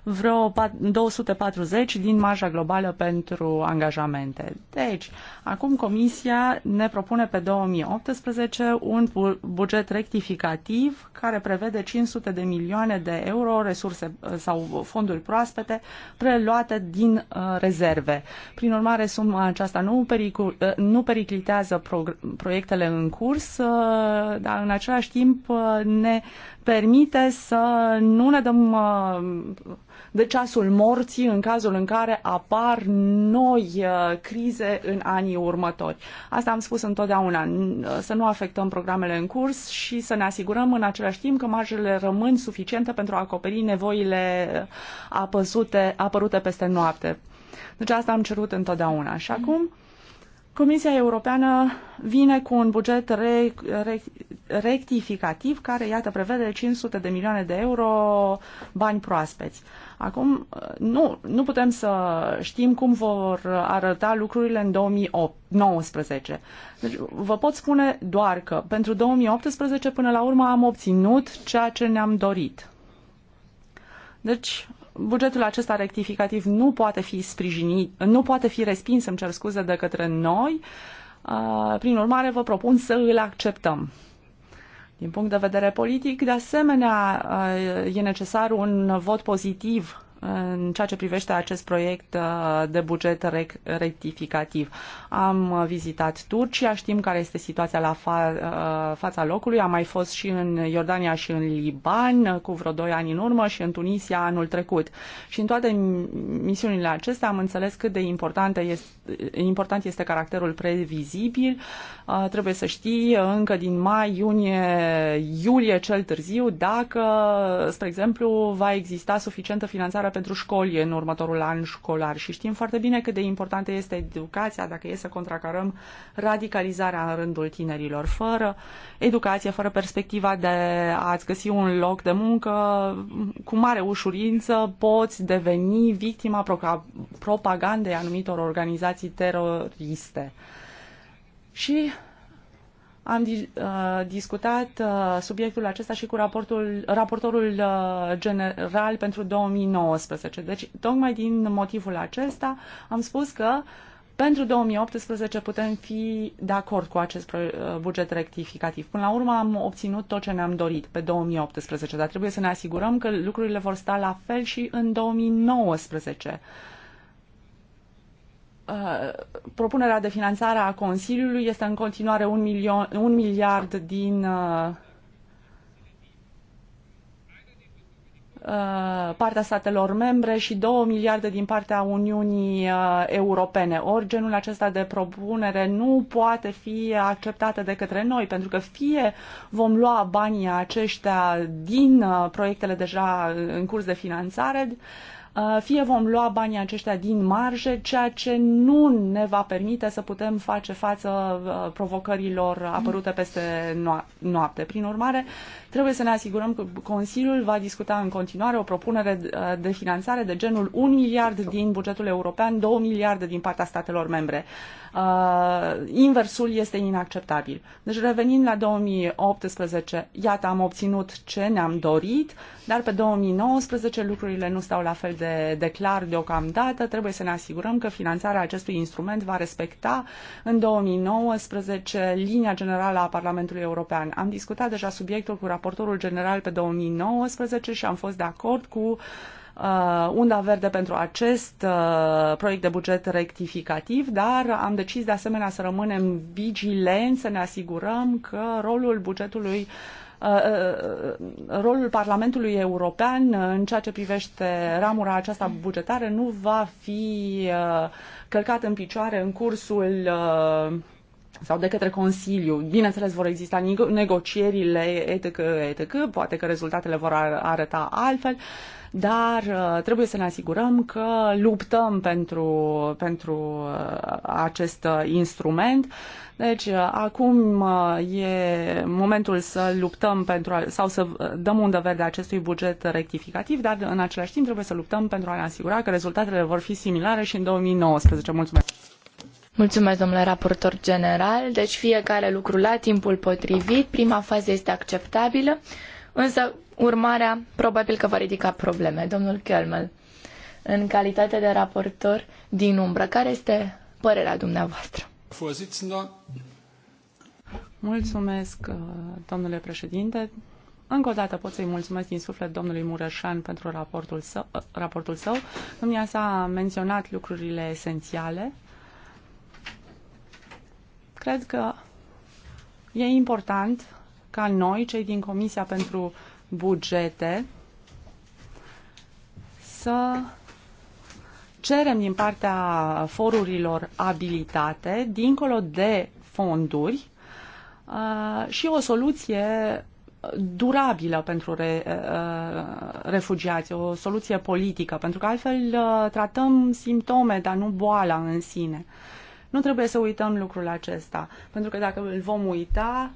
vreo 240 din marja globală pentru angajamente. Deci, acum Comisia ne propune pe 2018 un buget rectificativ care prevede 500 de milioane de euro resurse uh, sau fonduri proaspete preluate din uh, rezerve. Prin urmare, suma aceasta nu, pericu- uh, nu periclitează proiectele în curs, uh, dar în același timp uh, ne permite să nu ne dăm uh, de ceasul morții în cazul în care apar noi uh, crize în anii următori. Asta am spus întotdeauna, uh, să nu afectăm programele în curs și să ne asigurăm în același timp că marjele rămân suficiente pentru a acoperi nevoile apăsute, apărute peste noapte. Deci asta am cerut întotdeauna. Și acum Comisia Europeană vine cu un buget re, re, rectificativ care, iată, prevede 500 de milioane de euro bani proaspeți. Acum, nu, nu putem să știm cum vor arăta lucrurile în 2019. Deci, vă pot spune doar că pentru 2018, până la urmă, am obținut ceea ce ne-am dorit. Deci, bugetul acesta rectificativ nu poate fi sprijinit, nu poate fi respins, îmi cer scuze, de către noi. Uh, prin urmare, vă propun să îl acceptăm. Din punct de vedere politic, de asemenea, uh, e necesar un vot pozitiv în ceea ce privește acest proiect uh, de buget rectificativ. Am uh, vizitat Turcia, știm care este situația la fa- uh, fața locului, am mai fost și în Iordania și în Liban cu vreo doi ani în urmă și în Tunisia anul trecut. Și în toate misiunile acestea am înțeles cât de important este, important este caracterul previzibil. Trebuie să știi încă din mai, iunie, iulie cel târziu dacă, spre exemplu, va exista suficientă finanțare oferă pentru școli în următorul an școlar și știm foarte bine cât de importantă este educația dacă e să contracarăm radicalizarea în rândul tinerilor. Fără educație, fără perspectiva de a-ți găsi un loc de muncă, cu mare ușurință poți deveni victima propagandei anumitor organizații teroriste. Și am di- uh, discutat uh, subiectul acesta și cu raportul, raportorul uh, general pentru 2019. Deci, tocmai din motivul acesta am spus că pentru 2018 putem fi de acord cu acest uh, buget rectificativ. Până la urmă am obținut tot ce ne-am dorit pe 2018, dar trebuie să ne asigurăm că lucrurile vor sta la fel și în 2019. Uh, propunerea de finanțare a Consiliului este în continuare un, milion, un miliard din uh, uh, partea statelor membre și 2 miliarde din partea Uniunii Europene. Ori genul acesta de propunere nu poate fi acceptată de către noi, pentru că fie vom lua banii aceștia din proiectele deja în curs de finanțare, Uh, fie vom lua banii aceștia din marje, ceea ce nu ne va permite să putem face față uh, provocărilor apărute peste noapte. Prin urmare, Trebuie să ne asigurăm că Consiliul va discuta în continuare o propunere uh, de finanțare de genul 1 miliard din bugetul european, 2 miliarde din partea statelor membre. Uh, inversul este inacceptabil. Deci revenind la 2018, iată, am obținut ce ne-am dorit, dar pe 2019 lucrurile nu stau la fel de, de clar deocamdată. Trebuie să ne asigurăm că finanțarea acestui instrument va respecta în 2019 linia generală a Parlamentului European. Am discutat deja subiectul cu raportorul general pe 2019 și am fost de acord cu uh, unda verde pentru acest uh, proiect de buget rectificativ, dar am decis de asemenea să rămânem vigilenți, să ne asigurăm că rolul bugetului uh, uh, uh, rolul Parlamentului European în ceea ce privește ramura aceasta bugetară nu va fi călcat în picioare în cursul sau de către Consiliu. Bineînțeles, vor exista negocierile etc., etc., poate că rezultatele vor arăta altfel, dar uh, trebuie să ne asigurăm că luptăm pentru, pentru uh, acest uh, instrument. Deci, acum e momentul să luptăm pentru a, sau să dăm undă verde acestui buget rectificativ, dar în același timp trebuie să luptăm pentru a ne asigura că rezultatele vor fi similare și în 2019. Mulțumesc! Mulțumesc, domnule raportor general. Deci fiecare lucru la timpul potrivit. Prima fază este acceptabilă, însă urmarea probabil că va ridica probleme. Domnul Kelmel, în calitate de raportor din umbră, care este părerea dumneavoastră? Mulțumesc, uh, domnule președinte. Încă o dată pot să-i mulțumesc din suflet domnului Mureșan pentru raportul său. Uh, raportul său. Domnia s-a menționat lucrurile esențiale Cred că e important ca noi, cei din Comisia pentru Bugete, să cerem din partea forurilor abilitate, dincolo de fonduri, uh, și o soluție durabilă pentru re, uh, refugiați, o soluție politică, pentru că altfel uh, tratăm simptome, dar nu boala în sine. Uh, nu trebuie să uităm lucrul acesta, pentru că dacă îl vom uita,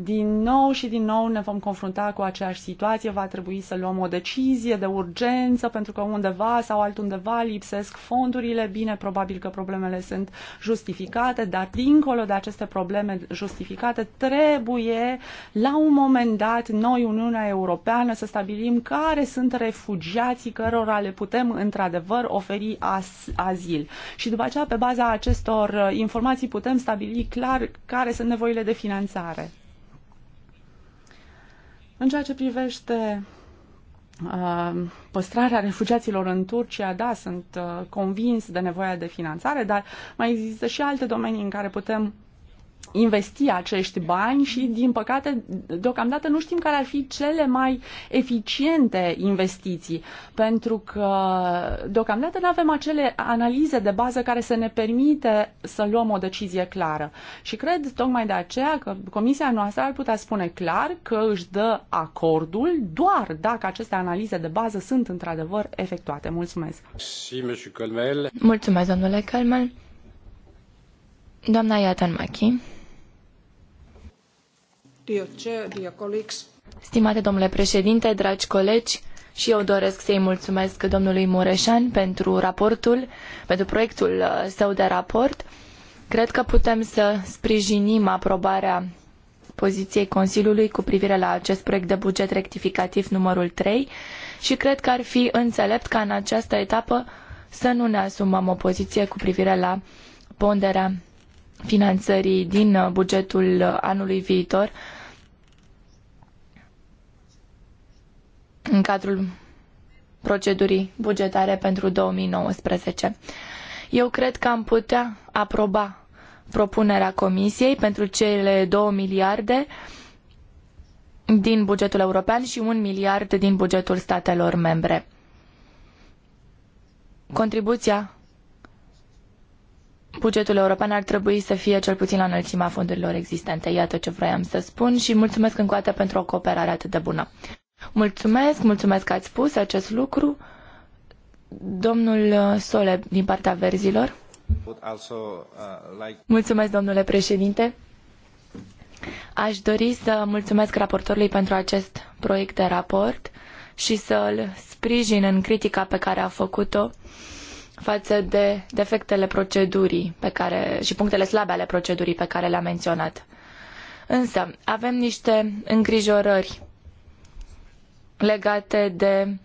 din nou și din nou ne vom confrunta cu aceeași situație, va trebui să luăm o decizie de urgență pentru că undeva sau altundeva lipsesc fondurile. Bine, probabil că problemele sunt justificate, dar dincolo de aceste probleme justificate trebuie la un moment dat noi, Uniunea Europeană, să stabilim care sunt refugiații cărora le putem într-adevăr oferi as- azil. Și după aceea, pe baza acestor uh, informații, putem stabili clar care sunt nevoile de finanțare. În ceea ce privește uh, păstrarea refugiaților în Turcia, da, sunt uh, convins de nevoia de finanțare, dar mai există și alte domenii în care putem investi acești bani și, din păcate, deocamdată nu știm care ar fi cele mai eficiente investiții, pentru că, deocamdată, nu avem acele analize de bază care să ne permite să luăm o decizie clară. Și cred, tocmai de aceea, că Comisia noastră ar putea spune clar că își dă acordul doar dacă aceste analize de bază sunt, într-adevăr, efectuate. Mulțumesc! Mulțumesc, domnule Calmel! Doamna Machi. Stimate domnule președinte, dragi colegi, și eu doresc să-i mulțumesc domnului Mureșan pentru raportul, pentru proiectul uh, său de raport. Cred că putem să sprijinim aprobarea poziției Consiliului cu privire la acest proiect de buget rectificativ numărul 3 și cred că ar fi înțelept ca în această etapă să nu ne asumăm o poziție cu privire la ponderea finanțării din uh, bugetul uh, anului viitor în cadrul procedurii bugetare pentru 2019. Eu cred că am putea aproba propunerea Comisiei pentru cele 2 miliarde din bugetul european și 1 miliard din bugetul statelor membre. Contribuția bugetul european ar trebui să fie cel puțin la înălțimea fondurilor existente. Iată ce vroiam să spun și mulțumesc încă o dată pentru o cooperare atât de bună. Mulțumesc, mulțumesc că ați spus acest lucru. Domnul Sole, din partea verzilor. Mulțumesc, domnule președinte. Aș dori să mulțumesc raportorului pentru acest proiect de raport și să-l sprijin în critica pe care a făcut-o față de defectele procedurii pe care, și punctele slabe ale procedurii pe care le-am menționat. Însă, avem niște îngrijorări legate de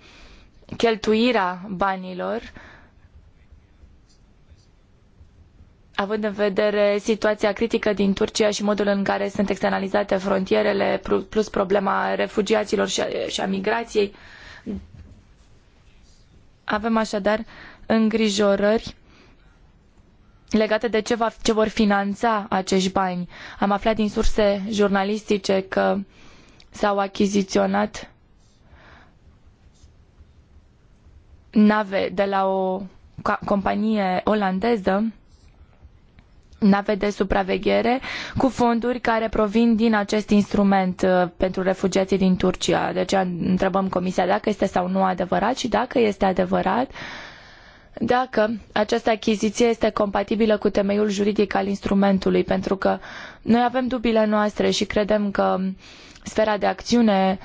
cheltuirea banilor, având în vedere situația critică din Turcia și modul în care sunt externalizate frontierele, plus problema refugiaților și a, migrației. Avem așadar îngrijorări legate de ce, va, ce vor finanța acești bani. Am aflat din surse jurnalistice că s-au achiziționat nave de la o companie olandeză nave de supraveghere cu fonduri care provin din acest instrument uh, pentru refugiații din Turcia. De deci, aceea întrebăm Comisia dacă este sau nu adevărat și dacă este adevărat, uh, dacă această achiziție este compatibilă cu temeiul juridic al instrumentului, pentru că noi avem dubiile noastre și credem că sfera de acțiune,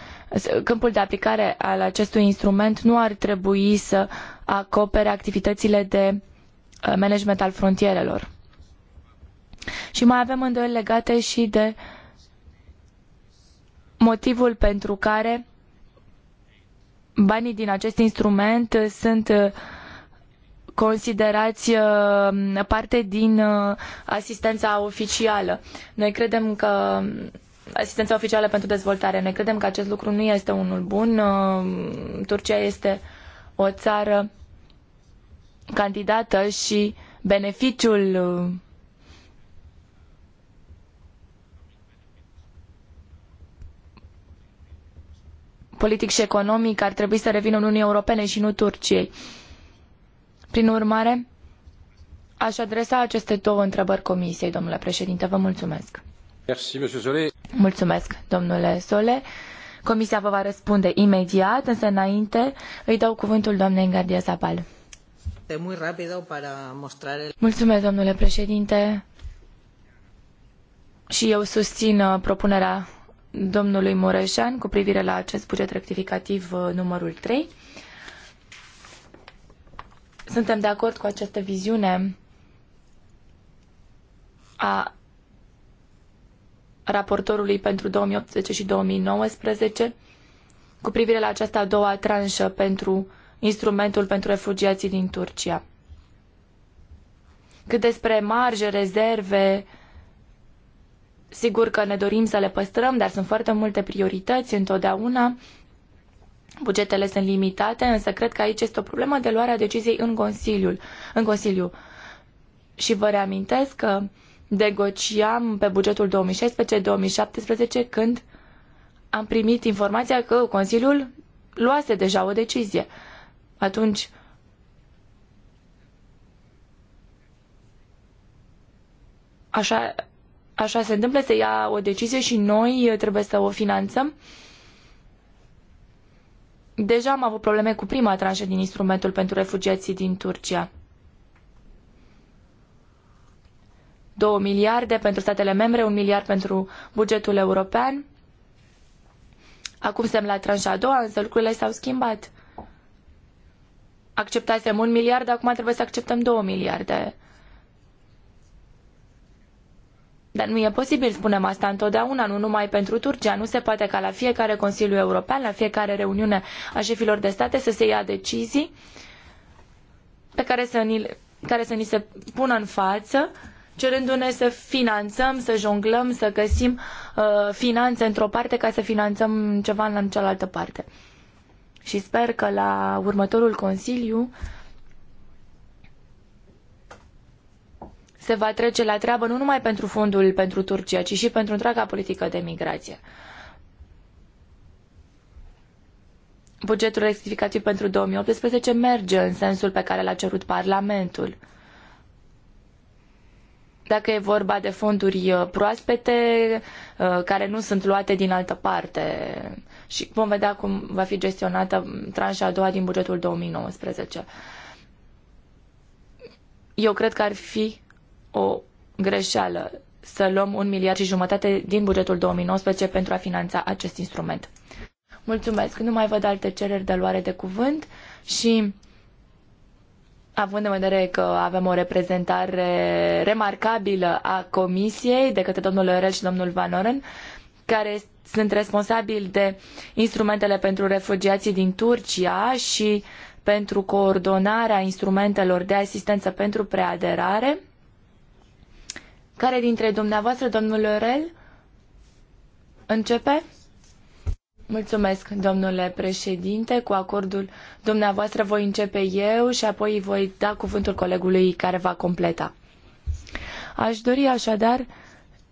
câmpul de aplicare al acestui instrument nu ar trebui să acopere activitățile de uh, management al frontierelor. Și mai avem îndoieli legate și de motivul pentru care banii din acest instrument sunt uh, considerați uh, parte din uh, asistența oficială. Noi credem că um, asistența oficială pentru dezvoltare. Noi credem că acest lucru nu este unul bun. Uh, Turcia este o țară candidată și beneficiul politic și economic ar trebui să revină Uniunii Europene și nu Turciei. Uh, prin urmare, aș adresa aceste două întrebări comisiei, domnule președinte. Vă mulțumesc. Merci, mulțumesc, domnule Sole. Comisia vă va răspunde imediat, însă înainte îi dau cuvântul doamnei Gardia Zapal. Mulțumesc, domnule președinte. Și eu susțin uh, propunerea domnului Mureșan cu privire la acest buget rectificativ uh, numărul 3. Suntem de acord cu această viziune a raportorului pentru 2018 și 2019 cu privire la această a doua tranșă pentru instrumentul pentru refugiații din Turcia. Cât despre marje, rezerve, sigur că ne dorim să le păstrăm, dar sunt foarte multe priorități întotdeauna Bugetele sunt limitate, însă cred că aici este o problemă de luarea deciziei în, Consiliul, în Consiliu. Și vă reamintesc că negociam pe bugetul 2016-2017 când am primit informația că Consiliul luase deja o decizie. Atunci, așa, așa se întâmplă, se ia o decizie și noi trebuie să o finanțăm. Uh, Deja am avut probleme cu prima tranșă din instrumentul pentru refugiații din Turcia. 2 miliarde pentru statele membre, 1 miliard pentru bugetul european. Acum suntem la tranșa a doua, însă lucrurile s-au schimbat. Acceptasem un miliard, acum trebuie să acceptăm 2 miliarde Dar nu e posibil, spunem asta întotdeauna, nu numai pentru Turcia. Nu se poate ca la fiecare Consiliu European, la fiecare reuniune a șefilor de state să se ia decizii pe care să ni, care să ni se pună în față cerându-ne să finanțăm, să jonglăm, să găsim uh, finanțe într-o parte ca să finanțăm ceva în cealaltă parte. Și sper că la următorul Consiliu uh, se va trece la treabă nu numai pentru fondul pentru Turcia, ci și pentru întreaga politică de migrație. Bugetul rectificativ pentru 2018 merge în sensul pe care l-a cerut Parlamentul. Dacă e vorba de fonduri uh, proaspete uh, care nu sunt luate din altă parte și vom vedea cum va fi gestionată tranșa a doua din bugetul 2019 eu cred că ar fi o greșeală să luăm un miliard și jumătate din bugetul 2019 pentru a finanța acest instrument. Mulțumesc. Nu mai văd alte cereri de luare de cuvânt și având în vedere că avem o reprezentare remarcabilă a comisiei de către domnul Orel și domnul Van Oren, care sunt responsabili de instrumentele pentru refugiații din Turcia și pentru coordonarea instrumentelor de asistență pentru preaderare. Care dintre dumneavoastră, domnul Orel, începe? Mulțumesc, domnule președinte. Cu acordul dumneavoastră voi începe eu și apoi voi da cuvântul colegului care va completa. Aș dori așadar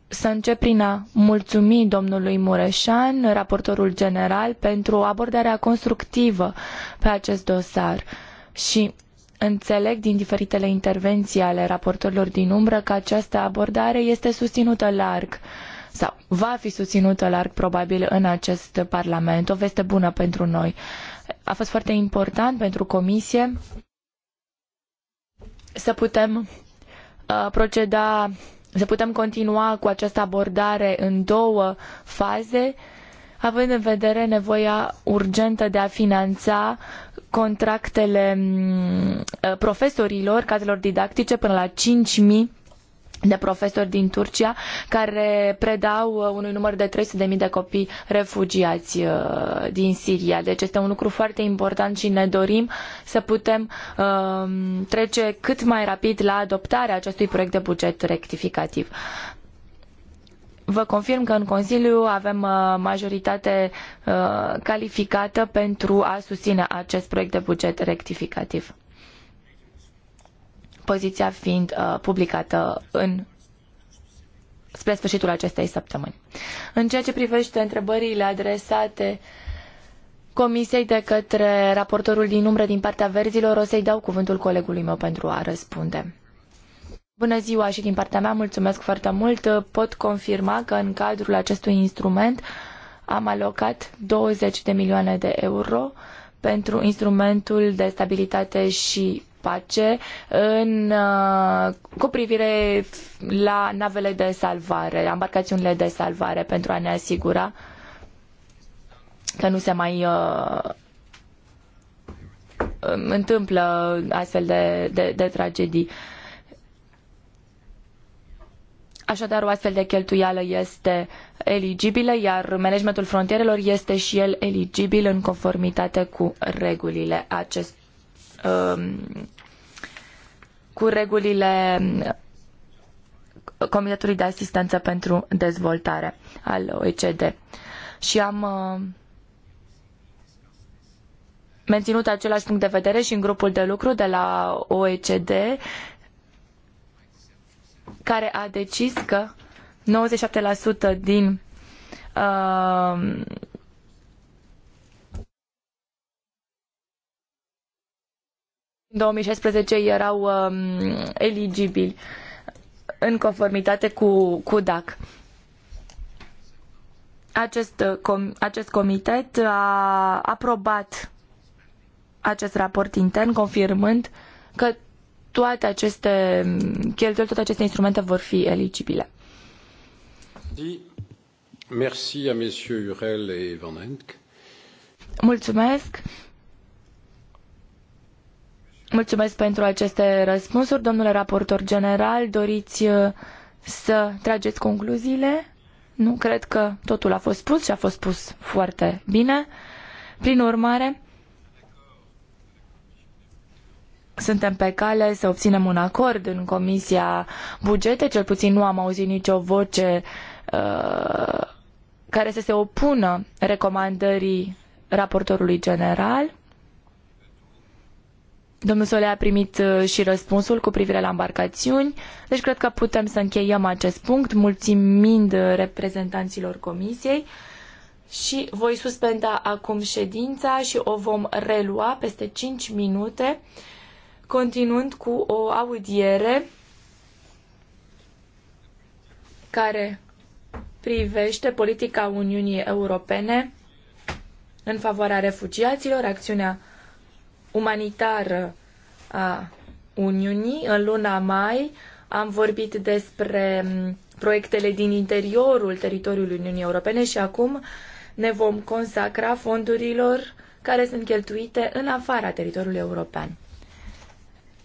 să încep prin a mulțumi domnului Mureșan, raportorul general, pentru abordarea constructivă pe acest dosar. Și Înțeleg din diferitele intervenții ale raportorilor din umbră că această abordare este susținută larg sau va fi susținută larg probabil în acest Parlament. O veste bună pentru noi. A fost foarte important pentru Comisie să putem uh, proceda, să putem continua cu această abordare în două faze, având în vedere nevoia urgentă de a finanța contractele mm, uh, profesorilor, cadrelor didactice, până la 5000 de profesori din Turcia care predau uh, unui număr de 300.000 de copii refugiați uh, din Siria. Deci este un lucru foarte important și ne dorim să putem um, trece cât mai rapid la adoptarea acestui proiect de buget rectificativ. Vă confirm că în Consiliu avem uh, majoritate uh, calificată pentru a susține acest proiect de buget rectificativ. Poziția fiind uh, publicată în spre sfârșitul acestei săptămâni. În ceea ce privește întrebările adresate Comisiei de către raportorul din umbră din partea verzilor, o să-i dau cuvântul colegului meu pentru a răspunde. Bună ziua și din partea mea mulțumesc foarte mult. Pot confirma că în cadrul acestui instrument am alocat 20 de milioane de euro pentru instrumentul de stabilitate și pace în, uh, cu privire la navele de salvare, embarcațiunile de salvare pentru a ne asigura că nu se mai uh, uh întâmplă astfel de, de, de tragedii. Uh, Așadar, o astfel de cheltuială este eligibilă, iar managementul frontierelor este și el eligibil în conformitate cu regulile acest, um, cu regulile Comitetului de Asistență pentru Dezvoltare al OECD. Și am uh, menținut același punct de vedere și în grupul de lucru de la OECD care a decis că 97% din uh, în 2016 erau um, eligibili în conformitate cu, cu DAC. Acest, uh, com, acest comitet a aprobat acest raport intern, confirmând că toate aceste cheltuieli, toate aceste instrumente vor fi eligibile. Merci à Monsieur Urel et Van Henck. Mulțumesc. Mulțumesc pentru aceste răspunsuri. Domnule raportor general, doriți uh, să trageți concluziile? Nu, cred că totul a fost spus și a fost spus foarte bine. Prin urmare, Suntem pe cale să obținem un acord în Comisia Bugete, cel puțin nu am auzit nicio voce uh, care să se opună recomandării raportorului general. Domnul Sole a primit uh, și răspunsul cu privire la embarcațiuni, deci cred că putem să încheiem acest punct, mulțumind reprezentanților comisiei și voi suspenda acum ședința și o vom relua peste 5 minute continuând cu o audiere care privește politica Uniunii Europene în favoarea refugiaților, acțiunea umanitară a Uniunii. În luna mai am vorbit despre mm, proiectele din interiorul teritoriului Uniunii Europene și acum ne vom consacra fondurilor care sunt cheltuite în afara teritoriului european.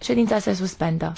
Ședința se suspendă.